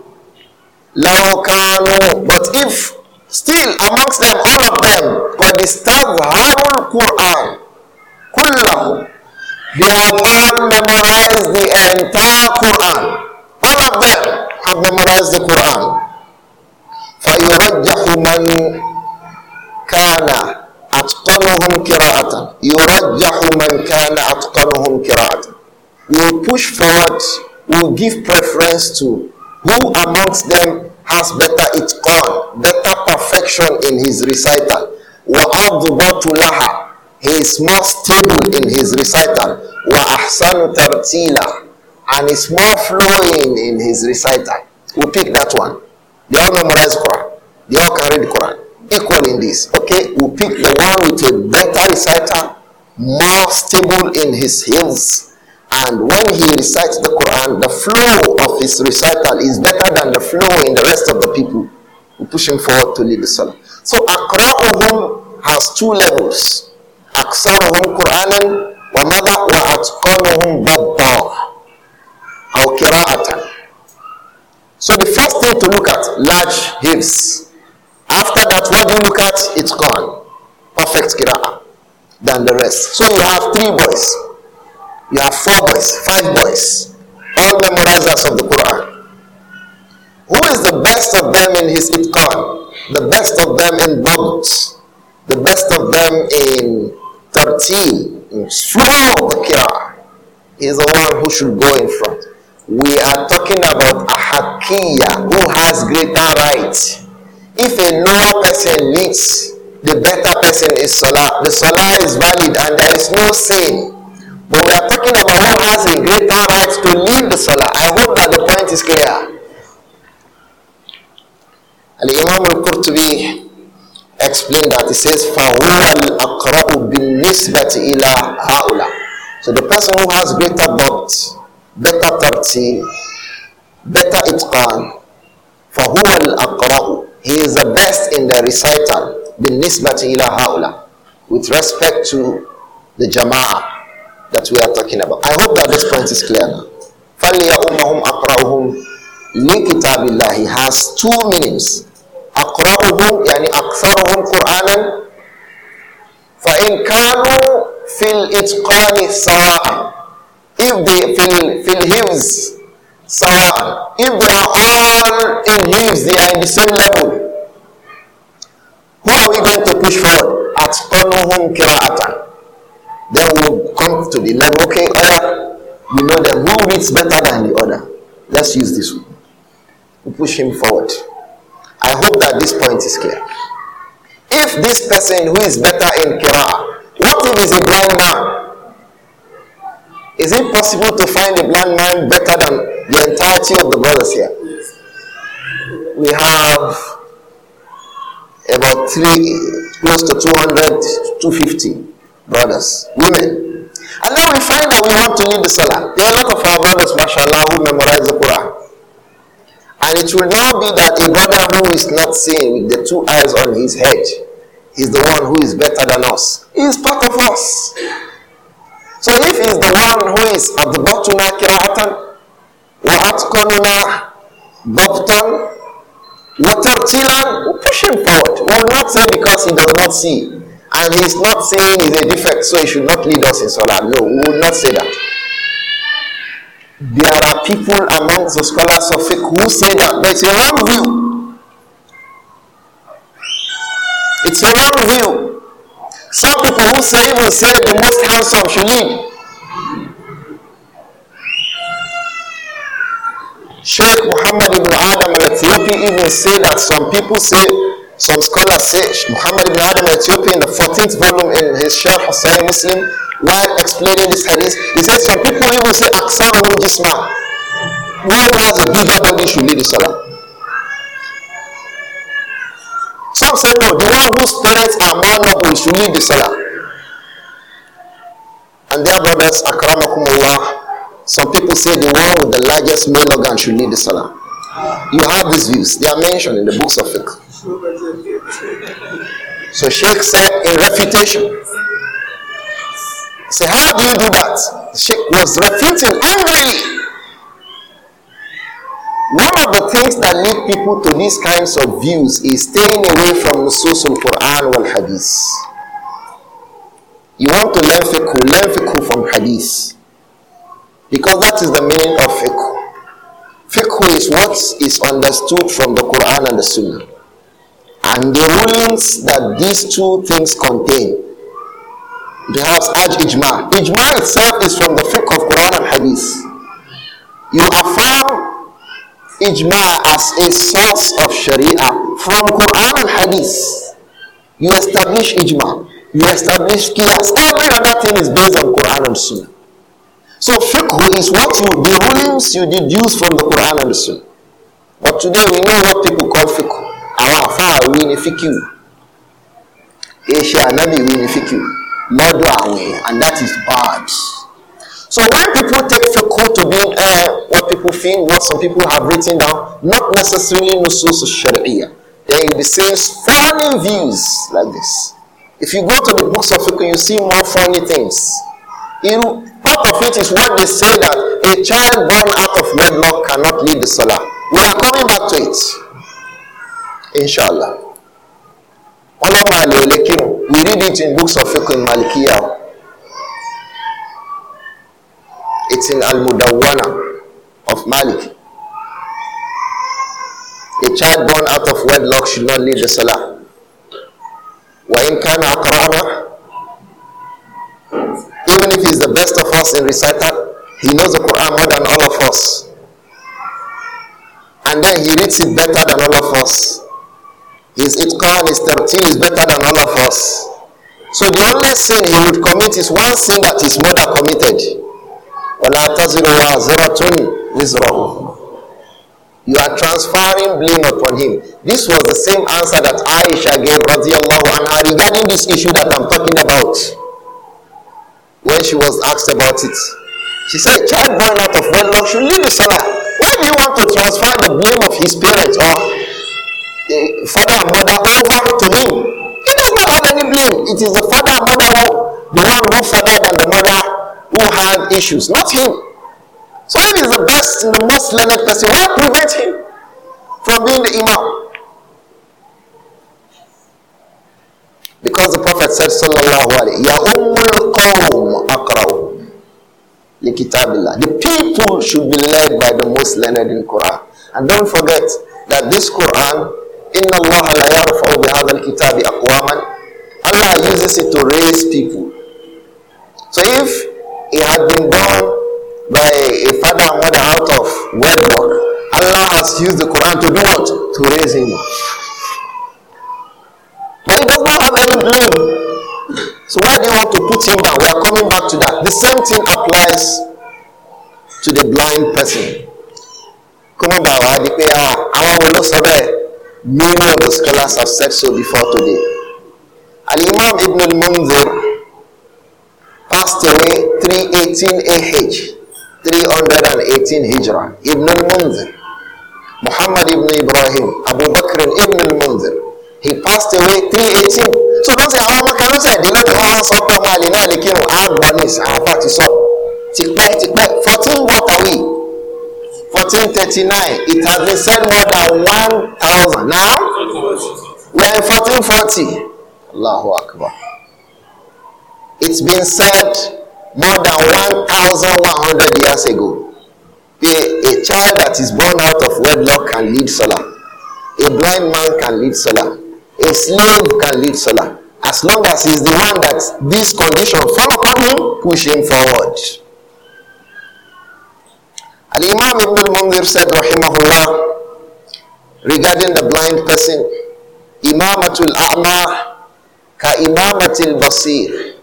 لَوْ كَانُوا But if still amongst them, all of them, قَدْ اسْتَظْهَرُوا الْقُرْآنَ كُلَّهُ They have all memorized the entire Quran. All of them have memorized the Quran. فيرجح من كان أتقنهم قراءة يرجح من كان أتقنهم قراءة We will push forward, we will give preference to who amongst them has better itqan, better perfection in his recital. وَأَضْبَطُ لَهَا He is more stable in his recital. وَأَحْسَنْ تَرْتِيلًا And is more flowing in his recital. We pick that one. They all memorize Quran. They all carry the Quran. Equal in this. Okay, we pick the one with a better recital, more stable in his heels. And when he recites the Quran, the flow of his recital is better than the flow in the rest of the people. We push him forward to lead the salah. So Akra'uhum has two levels. أكثرهم قرآنا وماذا وأتقنهم أو قراءة So the first thing to look at large hips. After that, what do you look at? It's gone. Perfect qira'ah than the rest. So you have three boys, you have four boys, five boys, all memorizers of the Quran. Who is the best of them in his itqan? The best of them in Bogd, the best of them in 13. the care. He's the one who should go in front. We are talking about a hakiya who has greater rights. If a lower person leads, the better person is salah. The salah is valid and there is no sin. But we are talking about who has a greater right to lead the salah. I hope that the point is clear. The Imam al Qurtubi explain that it says فَهُوَ الأقرب بِالنِّسْبَةِ إِلَىٰ هَؤُلَىٰ So the person who has greater ضبط better tarti, better itqan, فَهُوَ الأقرب He is the best in the recital بِالنِّسْبَةِ إِلَىٰ هَؤُلَىٰ With respect to the jama'ah that we are talking about. I hope that this point is clear now. فَلْيَأُمَّهُمْ أَقْرَأُهُمْ لِكِتَابِ اللَّهِ has two meanings. أقرأهم يعني أكثرهم قرآنا فإن كانوا في الإتقان سواء if they في في الحفظ سواء if they are all in حفظ they are in the same level who are we going to push forward أتقنهم قراءة then we'll come to the level okay other you know that who reads better than the other let's use this one we push him forward I hope that this point is clear. If this person who is better in Qira'ah, what if he's a blind man? Is it possible to find a blind man better than the entirety of the brothers here? We have about three, close to 200, 250 brothers, women. And now we find that we have to lead the salah. There are a lot of our brothers, mashallah, who memorize the Quran. And it will now be that a brother who is not seeing with the two eyes on his head is the one who is better than us. He is part of us. So if he's the one who is at the bottom of wa atqanuna dabtan wa tartilan, we push him forward. We will not say because he does not see. And he is not saying is a defect, so he should not lead us in salah. No, we will not say that. There are people amongst the scholars of fiqh who say that there's a wrong view. It's a wrong view. Some people who say even say the most handsome should lead. Sheikh Muhammad ibn Adam al-Ethiopi even say that some people say some scholars say Muhammad ibn Adam Ethiopian, the 14th volume in his Sharh Hussain Muslim, while explaining this hadith, he says some people even say Aksaru Jisma. One has a bigger body should lead the salah. Some say no, the one whose parents are more noble should lead the salah. And their brothers, Akramakumullah, some people say the one with the largest male organ should lead the salah. You have these views, they are mentioned in the books of fiqh. So Sheikh said a refutation, say, how do you do that? The Sheikh was refuting angrily. One of the things that lead people to these kinds of views is staying away from the al-Quran wal Hadith. You want to learn fiqh, learn fiqh from Hadith. Because that is the meaning of fiqh. Fiqh is what is understood from the Quran and the Sunnah and the rulings that these two things contain. Perhaps Aj Ijma. Ijma itself is from the fiqh of Quran and Hadith. You affirm Ijma as a source of Sharia from Quran and Hadith. You establish Ijma. You establish Qiyas. Every other thing is based on Quran and Sunnah. So fiqh is what you, the rulings you deduce from the Quran and the Sunnah. But today we know what people call fiqh. àwọn àfáà wí ní fíkìú iṣẹ́ ànábì wí ní fíkìú lọ́dọ̀ and that is bad. So when people take fiqh to be uh, what people feel, what some people have written down, not necessarily nusus sharia, then you'll be seeing funny views like this. If you go to the books of fiqh, you see more funny things. You part of it is what they say that a child born out of wedlock cannot lead the salah. We are coming back to it. Inshallah. We read it in books of fiqh Malikia. Malikiya. It's in Al Mudawana of Malik. A child born out of wedlock should not lead the salah. وَإِنْ al أَقْرَأَهَا Even if he's the best of us in recital, he knows the Quran more than all of us. And then he reads it better than all of us. His itqan, his thirteen, is better than all of us. So the only sin he would commit is one sin that his mother committed. You are transferring blame upon him. This was the same answer that Aisha gave radiallahu anha regarding this issue that I'm talking about. When she was asked about it, she said, Child born out of wedlock should leave the salah. Why do you want to transfer the blame of his parents or father and mother over to him. He does not have any blame. It is the father and mother who, the one who fathered and the mother who had issues, not him. So if he's the best and the most learned person, Why prevent him from being the imam? Because the Prophet said, Sallallahu Alaihi Ya'ummul qawm The people should be led by the most learned in Quran. And don't forget that this Quran Inna Allah la yarfa'u bi hadha aqwaman. Allah uses it to raise people. So if he had been born by a father and mother out of wedlock, Allah has used the Quran to do what? To raise him. But he does not have any blame. So why do you want to put him down? We are coming back to that. The same thing applies to the blind person. Kúmọ̀ bàbá di pé àwọn wo ló sọ bẹ́ẹ̀? Many of the scholars have said so before today. Al Imam Ibn Munzir passed away 318 AH, 318 Hijrah. Ibn Munzir, Muhammad ibn Ibrahim, Abu Bakr ibn Munzir, he passed away 318. So don't say àwọn ọmọ kan lọ́sẹ̀ ìdílé tó wọ́n sọ pé ọmọ àlè náà lè kírun àgbọ̀nìs àwọn bá ti sọ tipẹ́tipẹ́ fourteen water way. 1439, it has been said more than 1,000. Now, we're in 1440. Allahu Akbar. It's been said more than 1,100 years ago. A, a child that is born out of wedlock can lead Salah. A blind man can lead Salah. A slave can lead Salah. As long as he's the one that this condition Follow upon him, push him forward. Al Imam Ibn Mundir said, Rahimahullah, regarding the blind person, Imamatul A'ma ka Imamatul Basir.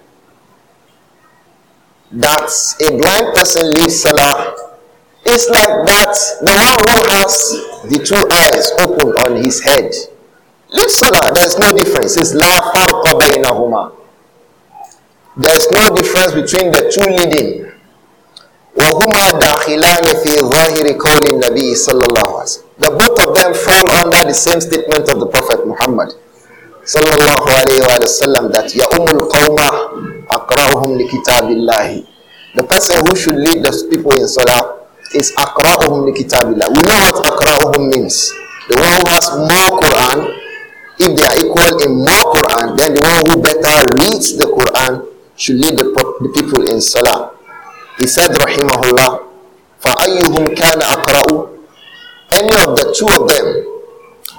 That a blind person leaves Salah is like that the one who has the two eyes open on his head. Leaves Salah, there's no difference. It's La Farqa Bainahuma. There's no difference between the two leading. وهما داخلان في ظاهر قول النبي صلى الله عليه وسلم. The both of them fall under the same statement of the Prophet Muhammad صلى الله عليه وسلم that يأم القوم أقرأهم لكتاب الله. The person who should lead the people in Salah is أقرأهم لكتاب الله. We know what أقرأهم means. The one who has more Quran, if they are equal in more Quran, then the one who better reads the Quran should lead the, the people in Salah. He said, Rahimahullah, فَأَيُّهُمْ كَانَ أَقْرَأُ Any of the two of them,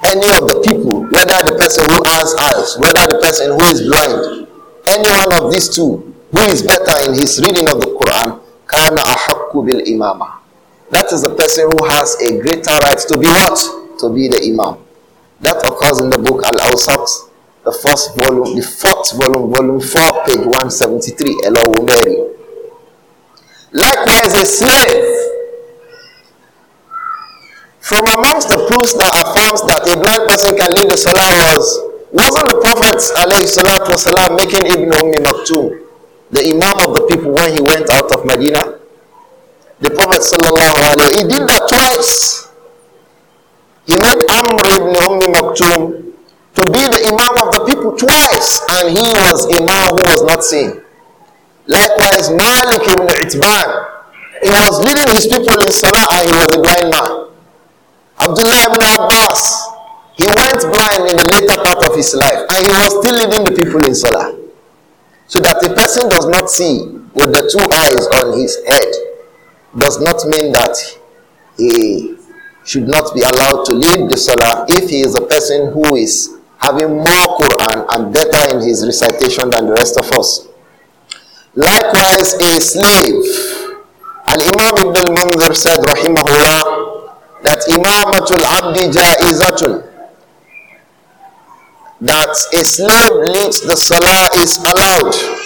any of the people, whether the person who has eyes, whether the person who is blind, any one of these two, who is better in his reading of the Quran, كَانَ أَحَقُّ بِالْإِمَامَةِ That is the person who has a greater right to be what? To be the Imam. That occurs in the book Al-Awsat, the first volume, the fourth volume, volume 4, page 173, Hello Likewise, a slave. From amongst the proofs that affirms that a blind person can lead the salah was wasn't the Prophet والسلام, making Ibn Ummi Maktoum the Imam of the people when he went out of Medina? The Prophet وسلم, he did that twice. He made Amr ibn Ummi Maktoum to be the Imam of the people twice, and he was Imam who was not seen. Likewise, Malik ibn Itban, he was leading his people in Salah and he was a blind man. Abdullah ibn Abbas, he went blind in the later part of his life and he was still leading the people in Salah. So that a person does not see with the two eyes on his head does not mean that he should not be allowed to lead the Salah if he is a person who is having more Quran and better in his recitation than the rest of us. Likewise, a slave. And Imam ibn al Munzir said, Rahimahullah, that Imamatul Abdi Ja'izatun. That a slave leads the salah is allowed.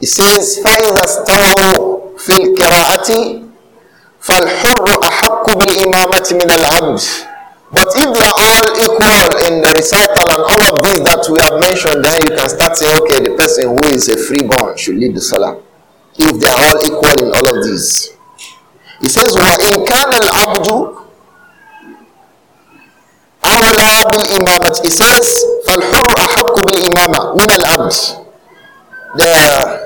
He says, فَإِذَا اسْتَوَوْا فِي الْقِرَاءَةِ فَالْحُرُّ أَحَقُّ بِالْإِمَامَةِ مِنَ الْعَبْدِ but if they are all equal in the recital and all of these that we have mentioned, then you can start saying, okay, the person who is a freeborn should lead the salah. If they are all equal in all of these. He says, وَإِنْ كَانَ الْعَبْدُ أَوْلَى بِالْإِمَامَةِ He says, فَالْحُرُّ أَحَقُّ بِالْإِمَامَةِ مِنَ الْعَبْدِ The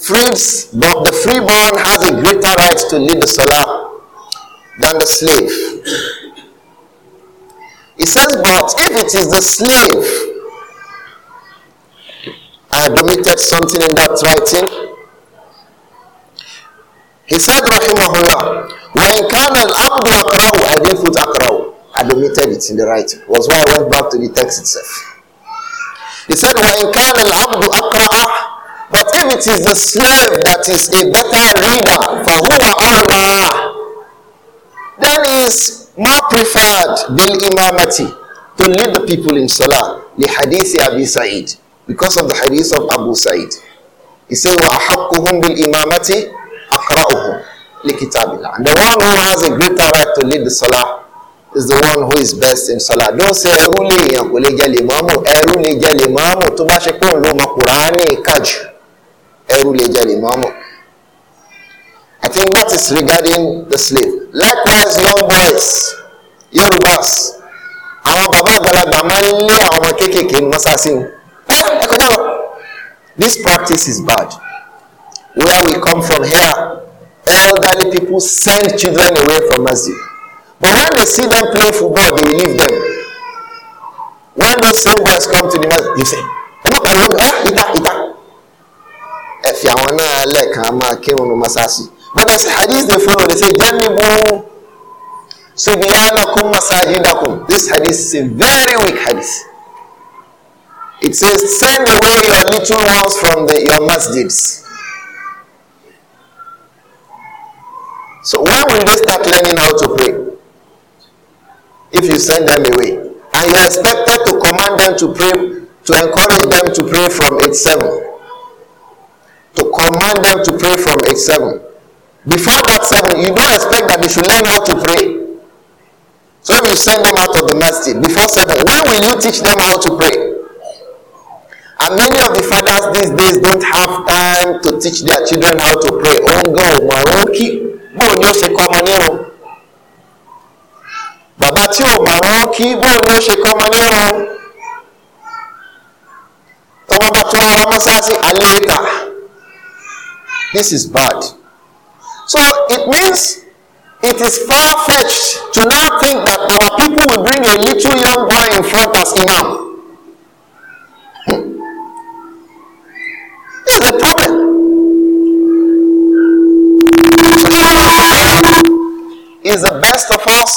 frees, but the freeborn has a greater right to lead the salah than the slave. He says, But if it is the slave, I have omitted something in that writing. He said, Rahimahullah, when can an abdu akraw, I didn't put akraw. I omitted it in the writing. Was why I went back to the text itself. He said, when can abdu but if it is the slave that is a better reader, فهو أولى preferred bil imamati to lead the people in salah li hadith Abi Sa'id because of the hadith of Abu Sa'id. He said, وَأَحَقُّهُمْ بِالْإِمَامَةِ أَقْرَأُهُمْ لِكِتَابِ And the one who has a greater right to lead the salah is the one who is best in salah. Don't say ẹrú lè yàn kò lè jẹ lè mọ́mù, ẹrú lè jẹ lè mọ́mù tó bá ṣe pé òun ló mọ Kùránì kájù, ẹrú lè jẹ lè mọ́mù. I think that is regarding the slave. Likewise, young boys yorùbás àwọn bàbá àgbàlagbà máa ń lé àwọn ọmọ kéékèèké mọ́sáàsì ni eh, ẹ kọjá lọ this practice is bad where we come from here elderly people send children away from masjid but when they see them play football they leave them when those same boys come to the masjid you say ẹ má pariwo ẹ ìta ìta ẹ fi àwọn náà lẹ́ẹ̀kan máa kírun mọ́sáàsì but they say hadith dey follow they say jẹ́ níbo. Sibyanakum masajidakum. This hadith is a very weak hadith. It says, send away your little ones from the, your masjids. So when will they start learning how to pray? If you send them away. And you are expected to command them to pray, to encourage them to pray from age 7. To command them to pray from age 7. Before that 7, you don't expect that they should learn how to pray. when you send them out of the masjid before seven when will you teach them how to pray and many of the fathers these days don't have time to teach their children how to pray onga ọmọ àwọn ni ó ṣe kọ́ ọmọ nírun bàbá tí ò bá wọn ni ó ṣe kọ́ ọmọ nírun tọ́wọ́ bá tún ara mọ́sáàsì alẹ́ ìta this is bad so it means. It is far fetched to now think that our people will bring a little young boy in front as Imam. It's hmm. a problem. Is the best of us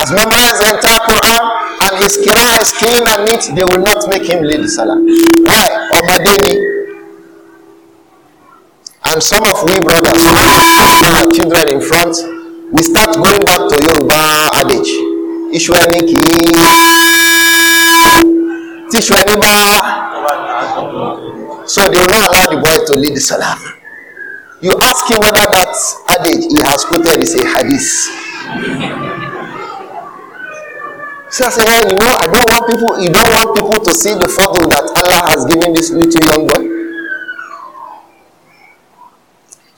has memorized the entire Quran and his kira is clean and neat, they will not make him lead the Salah. Why? Or my baby. And some of we brothers, there children in front, we start going back to Yorùbá adage iṣu ẹni kì í tíṣu ẹni bá so they won't allow the boy to lead the salah you ask him whether that adage he has quoted is a hadith so I say well you know I don't want people you don't want people to see the fadl that Allah has given this little young boy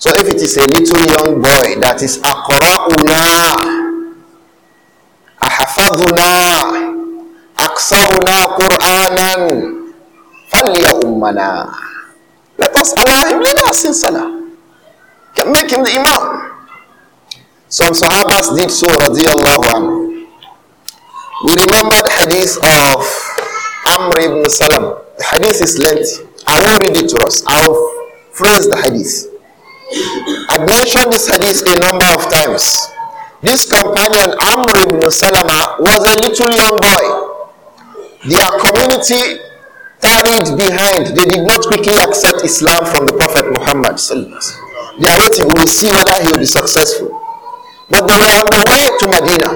So if it is a little young boy that is aqra'una, ahafaduna, aksaruna qur'anan, falya ummana. Let us allow him, let us sing salah. Can make him the imam. Some sahabas did so, radiyallahu anhu. We remembered hadith of Amr ibn Salam. The hadith is lengthy. I will read it to us. I will phrase the hadith. I've mentioned this hadith a number of times. This companion, Amr ibn Salama, was a little young boy. Their community tarried behind. They did not quickly accept Islam from the Prophet Muhammad. They are waiting. We will see whether he will be successful. But they were on the way to Medina.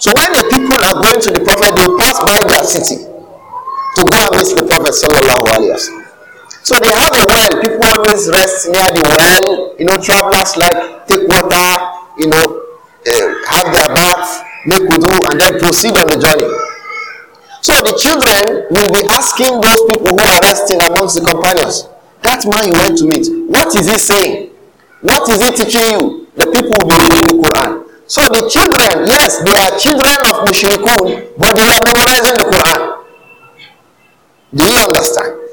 So when the people are going to the Prophet, they will pass by their city to go and meet the Prophet. Sallallahu Alaihi Wasallam. So they have a well. People always rest near the well. You know, travelers like take water, you know, uh, have their bath, make wudu, and then proceed on the journey. So the children will be asking those people who are resting amongst the companions, that man you went to meet, what is he saying? What is he teaching you? The people will be reading the Quran. So the children, yes, they are children of Mushrikun, but they are memorizing the Quran. Do you understand?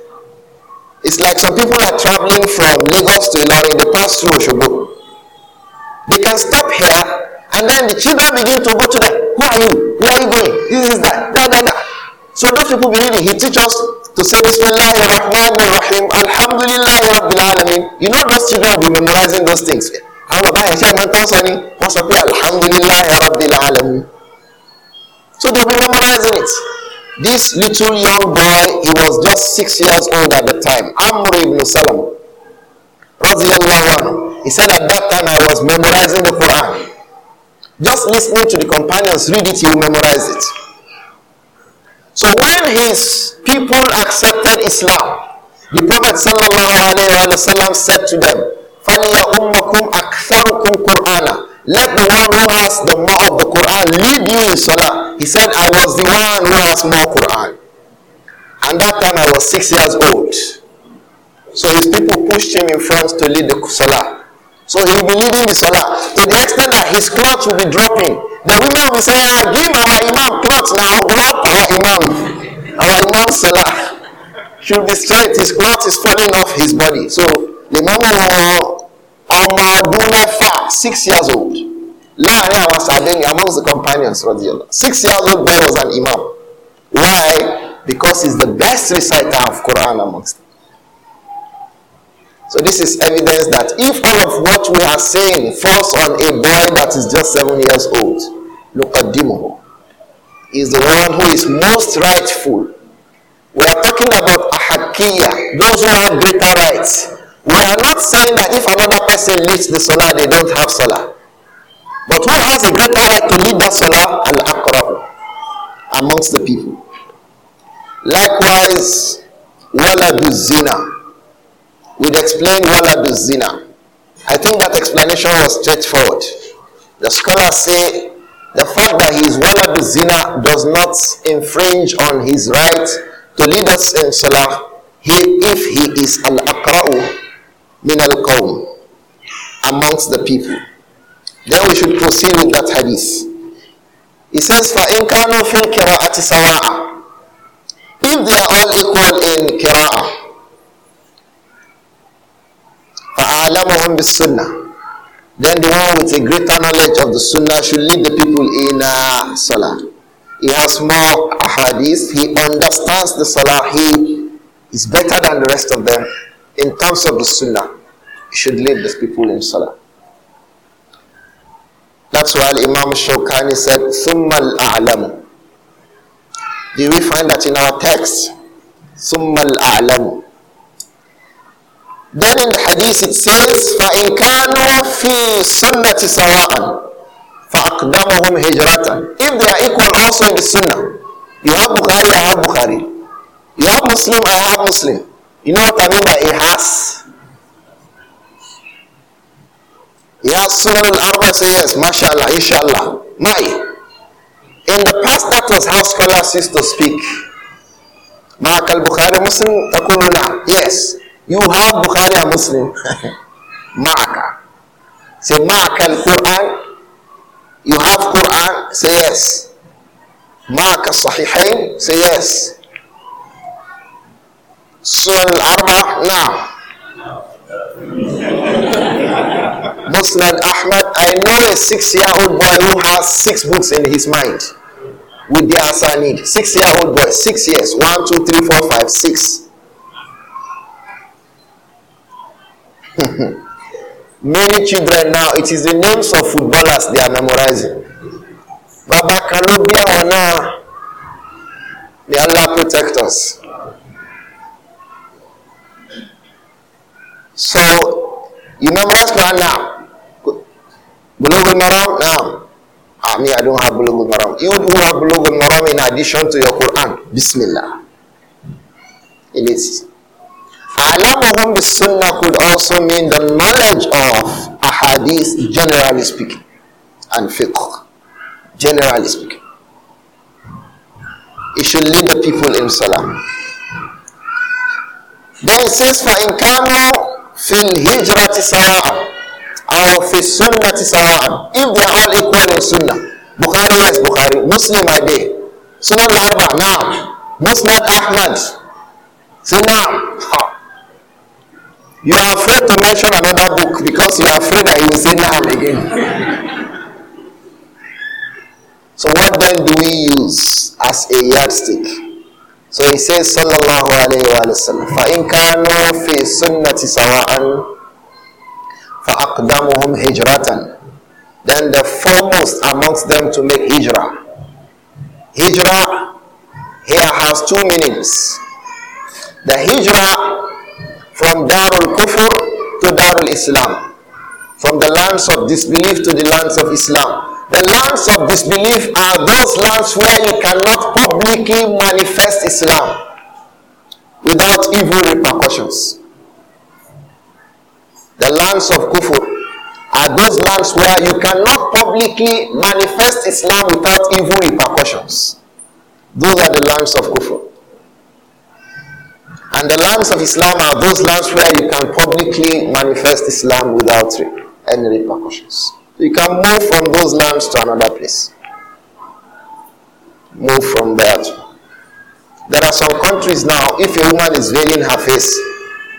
It's like some people are traveling from Lagos to Ilorin, they pass through Oshobo. They can stop here, and then the children begin to go to them. Who are you? Where are you going? This is that, Da da da. So those people believe He teaches us to say Bismillah ar-Rahman ar-Rahim, Alhamdulillah Rabbil Alameen. You know those children will be memorizing those things. Àwọn bàbá ẹ̀ṣẹ́ máa ń tán sọ ni Alhamdulillah Rabbil Alameen. So they will be memorizing it. This little young boy, he was just six years old at the time. Amr ibn Salam. He said, At that time I was memorizing the Quran. Just listening to the companions read it, he will memorize it. So when his people accepted Islam, the Prophet ﷺ said to them, فَلْيَأُمَّكُمْ أَكْثَرُكُمْ قُرْآنًا Let the one who has the more of the Quran lead you in Salah. He said, I was the one who has more Quran. And that time I was six years old. So his people pushed him in front to lead the Salah. So he will be leading the Salah to the extent that his clothes will be dropping. The women will say, ah, Give our Imam clothes now, drop our Imam. Our Imam Salah should be straight, his clothes is falling off his body. So the Imam six years old, Yahya was amongst the companions, radiallahu. Six years old boy was an imam. Why? Because he's the best reciter of Quran amongst them. So this is evidence that if all of what we are saying falls on a boy that is just seven years old, look at Dimuhu is the one who is most rightful. We are talking about ahakiya, those who have greater rights. We are not saying that if another person leads the salah, they don't have salah. But who has a greater right to lead that salah? Al Aqra'u amongst the people. Likewise, wala Zina. We'd explain wala Zina. I think that explanation was straightforward. The scholars say the fact that he is wala Zina does not infringe on his right to lead us in Salah if he is Al Aqra'u min al amongst the people. Then we should proceed with that hadith. He says, فَإِنْ كَانُوا فِي الْكِرَاءَةِ سَوَاءً If they are all equal in قراءة فَأَعْلَمُهُمْ sunnah Then the one with a greater knowledge of the sunnah should lead the people in uh, salah. He has more hadith. He understands the salah. He is better than the rest of them. in terms of the sunnah, you should lead the people in salah. That's why Imam Shawkani said, ثُمَّ الْأَعْلَمُ Do we find that in our text? ثُمَّ الْأَعْلَمُ Then in the hadith it says, فَإِنْ كَانُوا فِي سُنَّةِ سَوَاءً فَأَقْدَمَهُمْ هِجْرَةً If they are equal also in the sunnah, you have Bukhari, I have Bukhari. You have Muslim, I have Muslim. You know what I mean by he has? He has Surah Al-Arba, say yes, mashallah, inshallah. My. In the past, that was how scholars used to speak. معك البخاري مسلم تقول نعم yes you have Bukhari and Muslim معك say معك القرآن you have Quran say yes معك الصحيحين say yes Sun Arba now. Musnad Ahmad, I know a six year old boy who has six books in his mind with the answer need. Six year old boy, six years, one, two, three, four, five, six. Many children now, it is the names of footballers they are memorizing. Baba Kalubia Wana, may Allah protect us. So you memorize Quran now. Bulugul Maram now. Ah, me, I don't have Bulugul Maram. You do have Bulugul Maram in addition to your Quran. Bismillah. It is. Alamuhum bis sunnah could also mean the knowledge of ahadith, generally speaking, and fiqh, generally speaking. It should lead the people in salah. Then it says, in كَانُوا fil hijrati sawa'an or fi sunnati sawa'an if they are all equal in sunnah bukhari yes bukhari muslim i dey sunan arba naam musnad ahmad you are afraid to mention another book because you are afraid that he will say naam again so what then do we use as a yardstick So he says, Sallallahu alayhi wa sallam, فَإِنْ كَانُوا فِي سُنَّةِ سَوَاءً فَأَقْدَمُهُمْ هِجْرَةً Then the foremost amongst them to make hijrah. Hijrah here has two meanings. The hijrah from Darul Kufr to Darul Islam. From the lands of disbelief to the lands of Islam. The lands of disbelief are those lands where you cannot publicly manifest Islam without evil repercussions. The lands of kufr are those lands where you cannot publicly manifest Islam without evil repercussions. Those are the lands of kufr. And the lands of Islam are those lands where you can publicly manifest Islam without any repercussions. You can move from those lands to another place. Move from there. There are some countries now, if a woman is veiling her face,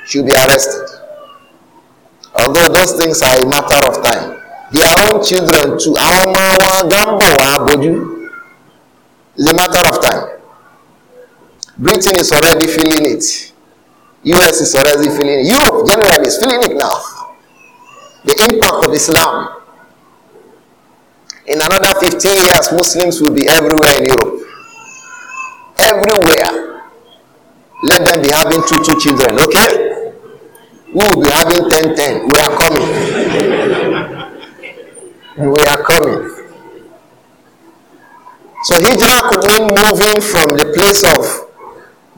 she'll be arrested. Although those things are a matter of time. Their own children too. It's a matter of time. Britain is already feeling it. US is already feeling it. Europe generally is feeling it now. The impact of Islam In another 15 years, Muslims will be everywhere in Europe. Everywhere. Let them be having two, two children, okay? We will be having 10, 10. We are coming. we are coming. So hijrah could mean moving from the place of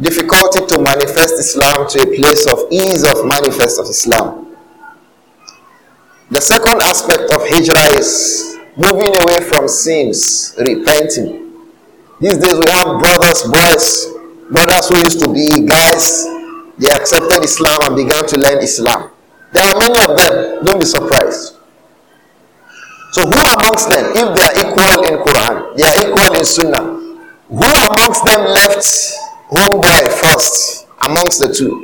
difficulty to manifest Islam to a place of ease of manifest of Islam. The second aspect of hijrah is moving away from sins, repenting. These days we have brothers, boys, brothers who used to be guys. They accepted Islam and began to learn Islam. There are many of them. Don't be surprised. So who amongst them, if they are equal in Quran, they are equal in Sunnah, who amongst them left homeboy first amongst the two?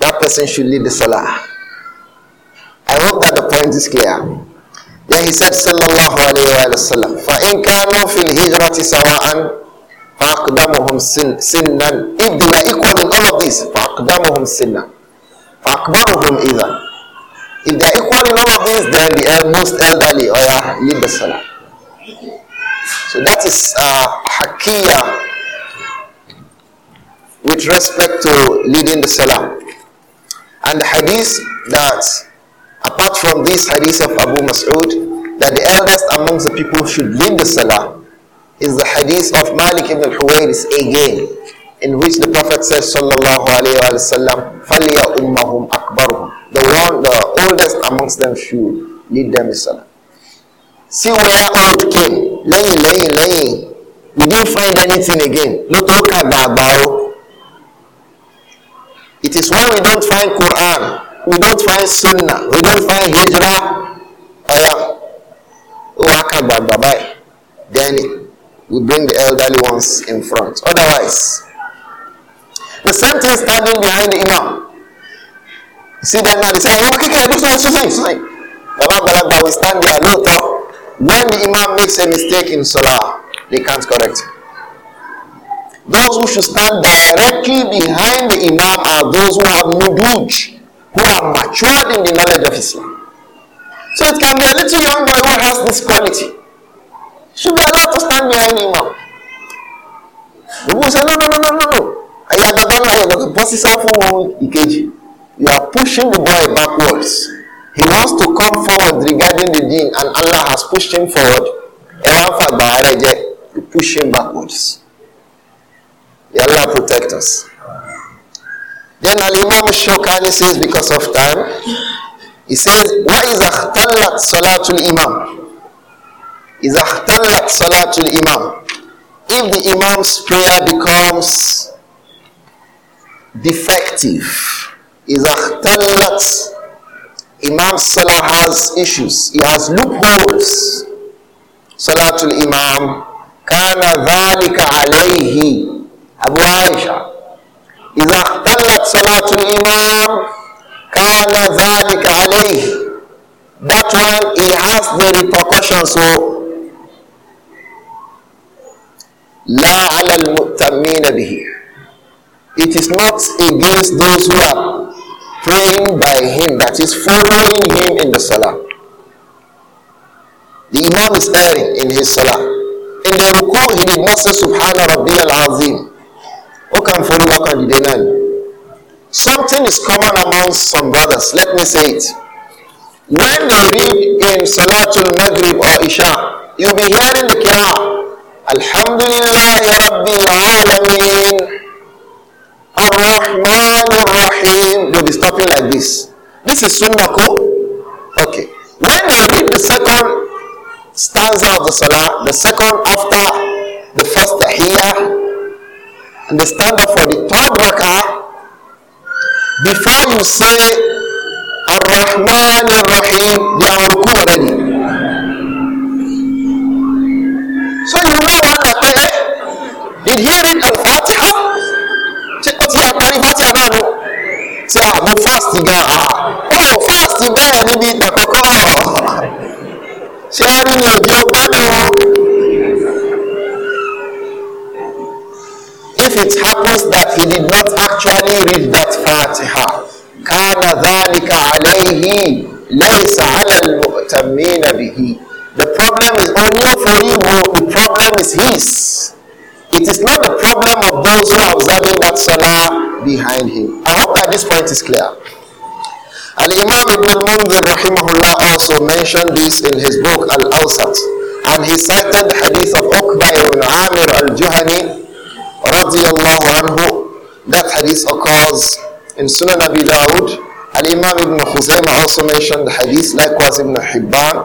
That person should lead the salah. I hope that the point is clear. Then he said, Sallallahu Alaihi Wasallam, فَإِنْ كَانُوا فِي الْهِجْرَةِ سَوَاءً فَأَقْدَمُهُمْ سِنًّا If they were equal in all of these, فَأَقْدَمُهُمْ سِنًّا فَأَكْبَرُهُمْ إِذًا If they are equal in all of this then the most elderly, oh yeah, lead the salah. So that is uh, hakiya with respect to leading the salah. And the hadith that apart from this hadith of Abu Mas'ud, that the eldest amongst the people should lead the salah, is the hadith of Malik ibn al again, in which the Prophet says, Sallallahu alayhi wa sallam, فَلْيَا أُمَّهُمْ أَكْبَرُهُمْ The one, the oldest amongst them should lead them salah. See where old came. Lay, lay, lay. We didn't find anything again. No talk about It is why we don't find Quran we don't find sunnah we don't find hijrah ọ̀yà ó wá kà gbàgbà báyìí then we bring the elderly ones in front otherwise the same thing standing behind the imam you see that now they say ẹ̀yin kíkẹ́ ẹ̀dí fún ẹ̀sùn fún ẹ̀sùn bàbá àgbàlagbà we stand there lóòótọ́ when the imam makes a mistake in salah they can't correct him those who should stand directly behind the imam are those who have no nuduj who are matured in the knowledge of Islam. So it can be a little young boy who has this quality. Should be allowed to stand behind him now. The woman said, No, no, no, no, no, no. Ayagadana, Ayagadana, boss is off on Ikeji. You are pushing the boy backwards. He wants to come forward regarding the deen, and Allah has pushed him forward. You push him backwards. May Allah protect us. Al Imam Shokani says, because of time, he says, is اخْتَلَّتْ salatul Imam? Is اخْتَلَّتْ salatul Imam If the Imam's prayer becomes defective, Is اخْتَلَّتْ Imam Salah has issues, he has loopholes. Salatul Imam, كَانَ ذَلِكَ عَلَيْهِ Abu Aisha إذا اختلت صلاة الإمام كان ذلك عليه that one he has the repercussion so لا على المؤتمين به it is not against those who are praying by him that is following him in the salah the imam is erring in his salah in the ruku he did not say subhana rabbi al-azim Something is common among some brothers. Let me say it. When they read in Salatul Maghrib or Isha, you'll be hearing the Qira'ah. Alhamdulillah Rabbil Alameen. Ar-Rahman Ar-Rahim. They'll be stopping like this. This is Sunnah Okay. When they read the second stanza of the Salah, the second after the first Tahiyya, and they stand up for the third rak'ah, before you say Ar-Rahman Ar-Rahim, the problem is only for him. the problem is his it is not the problem of those who are observing that salah behind him I hope that this point is clear Al-Imam Ibn al-Munzir rahimahullah also mentioned this in his book Al-Awsat and he cited the hadith of Uqba ibn Amir al-Juhani radiyallahu anhu that hadith occurs in Sunan Abi Dawud الإمام ابن خزيمة also mentioned the hadith, likewise ابن حبان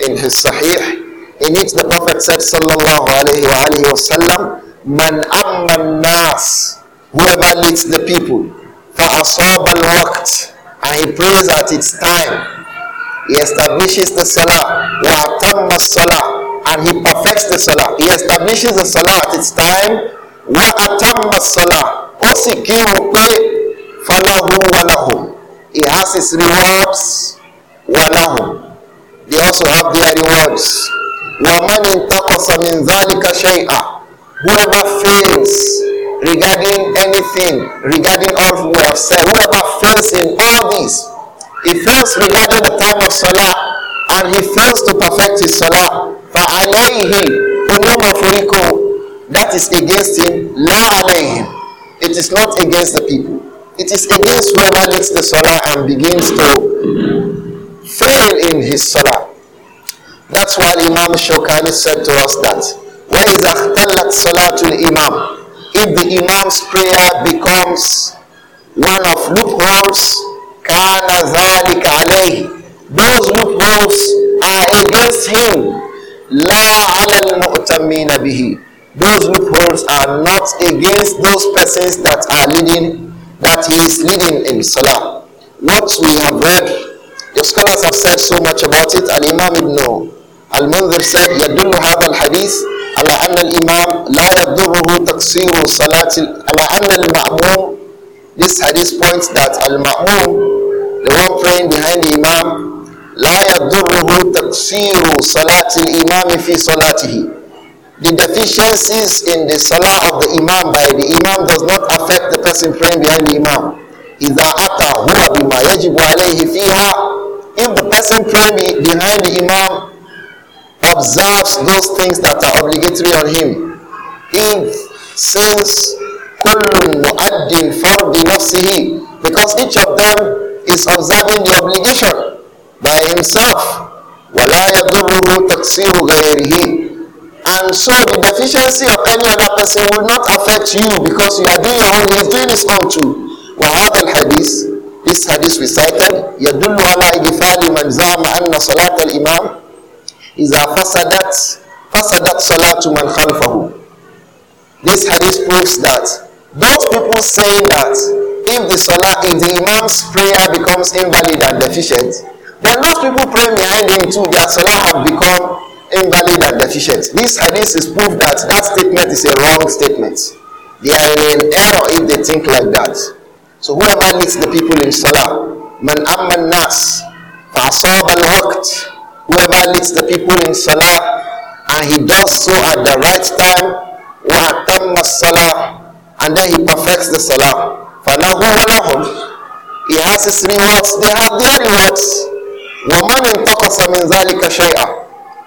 in his صحيح In which the Prophet said, صلى الله عليه وآله وسلم من Man الناس whoever leads the people, فَأَصَابَ الْوَقْتِ And he prays at its time. He establishes the salah, وَأَتَمَّ الصَّلَاة And he perfects the salah. He establishes the salah at its time, وَأَتَمَّ الصَّلَاة Ó sì فَلَهُ ولهم He has his rewards. وَلَهُمْ They also have their rewards. وَمَنْ انْتَقَصَ min ذَلِكَ Shay'a. Whoever fails regarding anything, regarding all we have said, whoever fails in all these, he fails regarding the time of Salah and he fails to perfect his Salah, فَعَلَيْهِ أُمُمَ That is against him, La عَلَيْهِمْ It is not against the people. It is against whoever leads the salah and begins to fail in his salah. That's why Imam Shokani said to us that salah to صَلَاةُ Imam? If the Imam's prayer becomes one of loopholes, كَانَ ذَلِكَ عَلَيْهِ Those loopholes are against him. لَا عَلَى الْمُؤْتَمِينَ بِهِ Those loopholes are not against those persons that are leading that he is leading in Salah. What we have read, the scholars have said so much about it. Al Imam Ibn Al Munzir said, يدل هذا الحديث على أن الإمام لا يضره تقصير صلاة على أن المأموم This hadith points that Al Ma'mum, the one praying behind the Imam, لا يضره تقصير صلاة الإمام في صلاته. the deficiencies in the salah of the imam by the imam does not affect the person praying behind the imam. If the person praying behind the imam observes those things that are obligatory on him, if since because each of them is observing the obligation by himself and so the deficiency of any other person will not affect you because you are doing your own he is doing his own too وهذا الحديث this hadith recited يدل على إغفال من زعم أن صلاة الإمام إذا فسدت فسدت صلاة من خلفه this hadith proves that those people saying that if the salah if the imam's prayer becomes invalid and deficient then those people praying behind him too their salah have become invalid and deficient. This hadith is proof that that statement is a wrong statement. They are in error if they think like that. So whoever leads the people in Salah, man amman nas, fa'asab al-waqt, whoever leads the people in Salah and he does so at the right time, وَأَتَمَّ salah, and then he perfects the Salah. wa وَلَهُمْ He has his rewards, they have their rewards. وَمَنْ انْتَقَصَ مِنْ ذَلِكَ شَيْئًا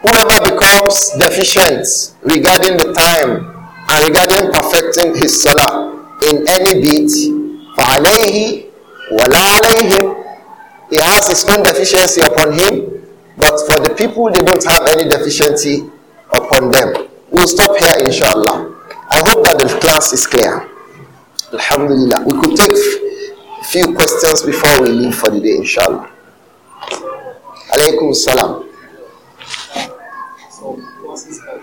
Whoever becomes deficient regarding the time and regarding perfecting his salah in any beat, فَعَلَيْهِ وَلَا عَلَيْهِمْ He has his own deficiency upon him, but for the people, they don't have any deficiency upon them. We'll stop here, inshallah. I hope that the class is clear. Alhamdulillah. We could take a few questions before we leave for the day, inshallah. Alaykum salam of one's health.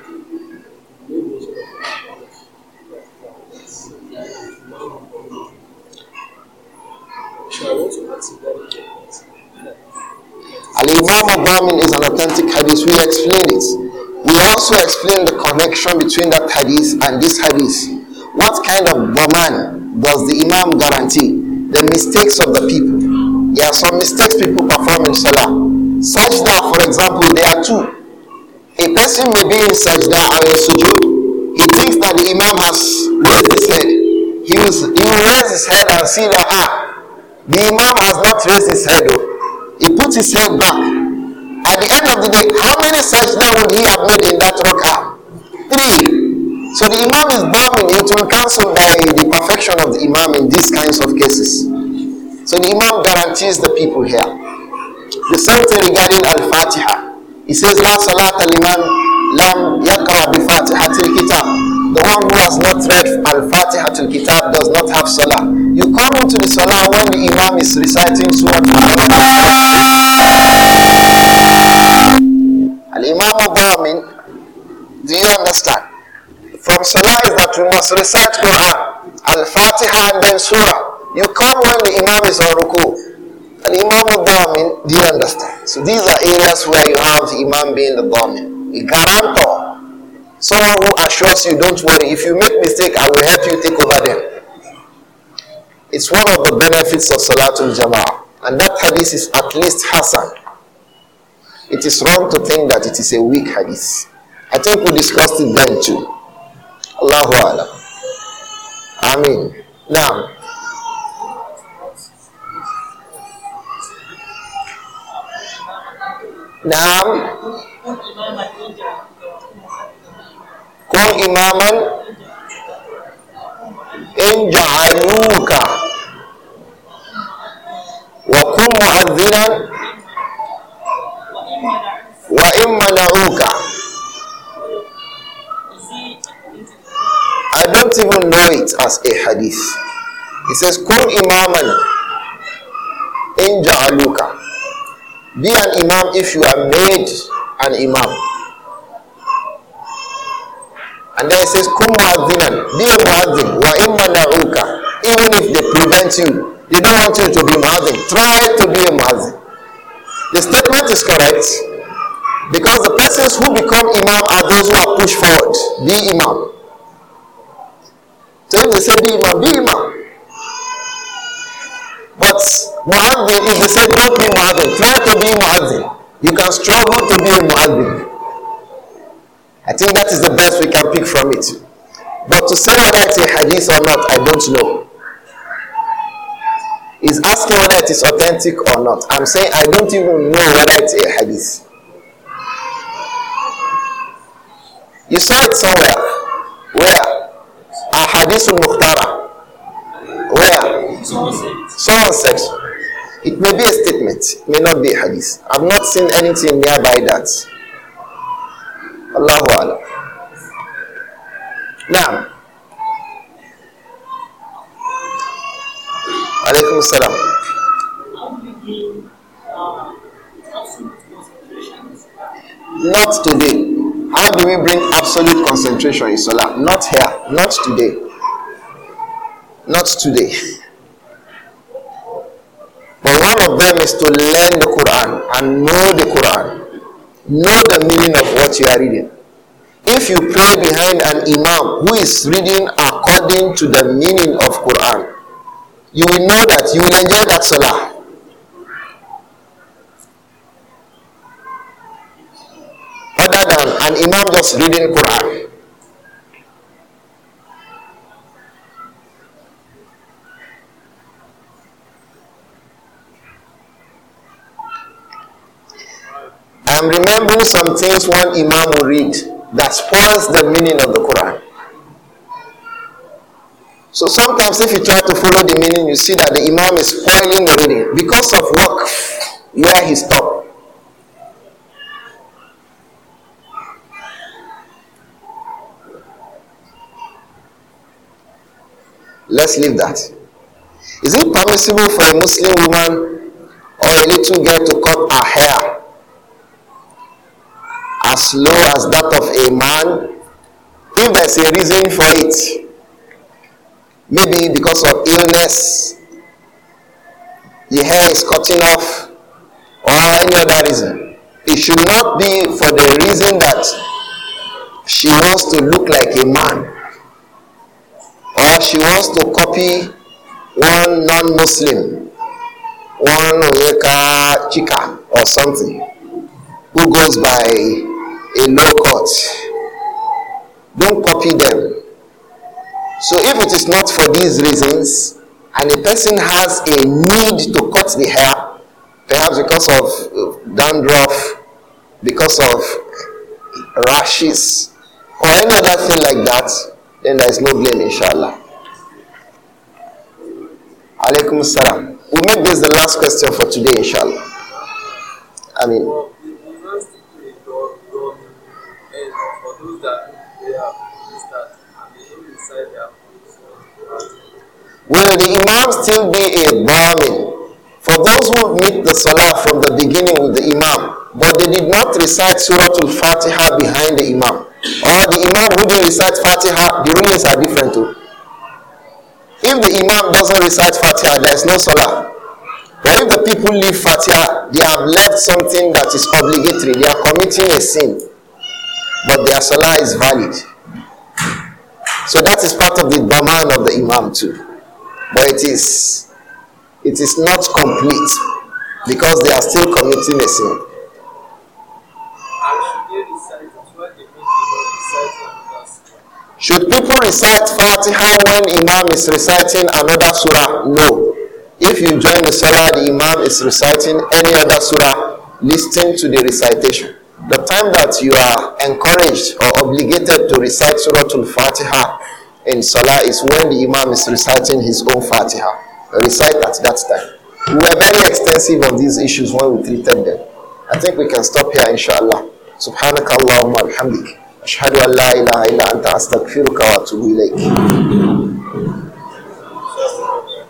Al Imam Abamin is an authentic hadith. We explain it. We also explain the connection between that hadith and this hadith. What kind of daman does the Imam guarantee? The mistakes of the people. There are some mistakes people perform in Salah. Such that, for example, there are two. A person may be in sajda or in sujood. He thinks that the imam has raised his head. He will, he will raise his head and see that, ah, the imam has not raised his head. Though. He puts his head back. At the end of the day, how many sajda would he have made in that rak'ah? Three. So the imam is bombing. It will cancel by the perfection of the imam in these kinds of cases. So the imam guarantees the people here. The same thing regarding al-Fatiha. He says, La salata liman lam yakra bi fatihatil kitab. The one who has not read al-fatihatil kitab does not have salah. You come into the salah when the imam is reciting surah al-imam Al al-bamin. Do you understand? From salah is that we must recite Quran, al-fatiha and then surah. You come when the imam is on ruku. An Imam al-Damin, do you understand? So these are areas where you have the Imam being the Damin, a guarantor. Someone who assures you, don't worry, if you make mistake, I will help you take over them. It's one of the benefits of Salatul Jama'ah. And that hadith is at least Hassan. It is wrong to think that it is a weak hadith. I think we discussed it then too. Allahu Alam. Ameen. Now, Naam, ko imaman in ja'aluka wa kun mu'adhdhiran wa in I don't even know it as a hadith. It says, Kun imaman imam if you are made an imam. And then it says, Kum mu'adhinan, be a mu'adhin, wa imma na'uka. Even if they prevent you, they don't want you to be mu'adhin. Try to be a mu'adhin. The statement is correct because the persons who become imam are those who are pushed forward. Be imam. So if they say be imam, be imam. But mu'adhin, if they say do you can struggle to be a muaddin. I think that is the best we can pick from it. But to say whether it's a hadith or not, I don't know. Is asking whether it is authentic or not. I'm saying I don't even know whether it's a hadith. You saw it somewhere. Where? A hadith muhtara. Where? Someone said. It may be a it. May not be hadith. I've not seen anything nearby that. Allahu Alam. Now, Alaikum Salam. Not today. How do we bring absolute concentration in Salah? Not here. Not today. Not today. to learn the Quran and know the Quran. Know the meaning of what you are reading. If you pray behind an imam who is reading according to the meaning of Quran, you will know that you will enjoy that salah. Other than an imam just reading Quran. things one Imam will read that spoils the meaning of the Quran. So sometimes if you try to follow the meaning, you see that the Imam is spoiling the reading because of work where he stopped. Let's leave that. Is it permissible for a Muslim woman or a little girl to cut her hair low as that of a man if there's a reason for it maybe because of illness the hair is cutting off or any other reason it should not be for the reason that she wants to look like a man or she wants to copy one non-muslim one weka chika or something who goes by a low cut. Don't copy them. So if it is not for these reasons, and a person has a need to cut the hair, perhaps because of uh, dandruff, because of rashes, or any other thing like that, then there is no blame, inshallah. Alaikum salam. We make this the last question for today, inshallah. I mean. Will the Imam still be a Dhamin? For those who meet the Salah from the beginning with the Imam, but they did not recite Surah Al Fatiha behind the Imam, or the Imam who didn't recite Fatiha, the rulings are different too. If the Imam doesn't recite Fatiha, there is no Salah. But if the people leave Fatiha, they have left something that is obligatory. They are committing a sin. But their salah is valid. So that is part of the daman of the Imam too. But it is it is not complete because they are still committing a sin. Should people recite Fatiha when Imam is reciting another surah? No. If you join the salah, the Imam is reciting any other surah, listen to the recitation. The time that you are encouraged or obligated to recite Surah Al Fatiha in Salah is when the Imam is reciting his own Fatiha. Recite at that time. We were very extensive on these issues when we treated them. I think we can stop here, inshallah. سبحانك اللهم وبحمدك أشهد أن لا إله إلا أنت أستغفرك وأتوب إليك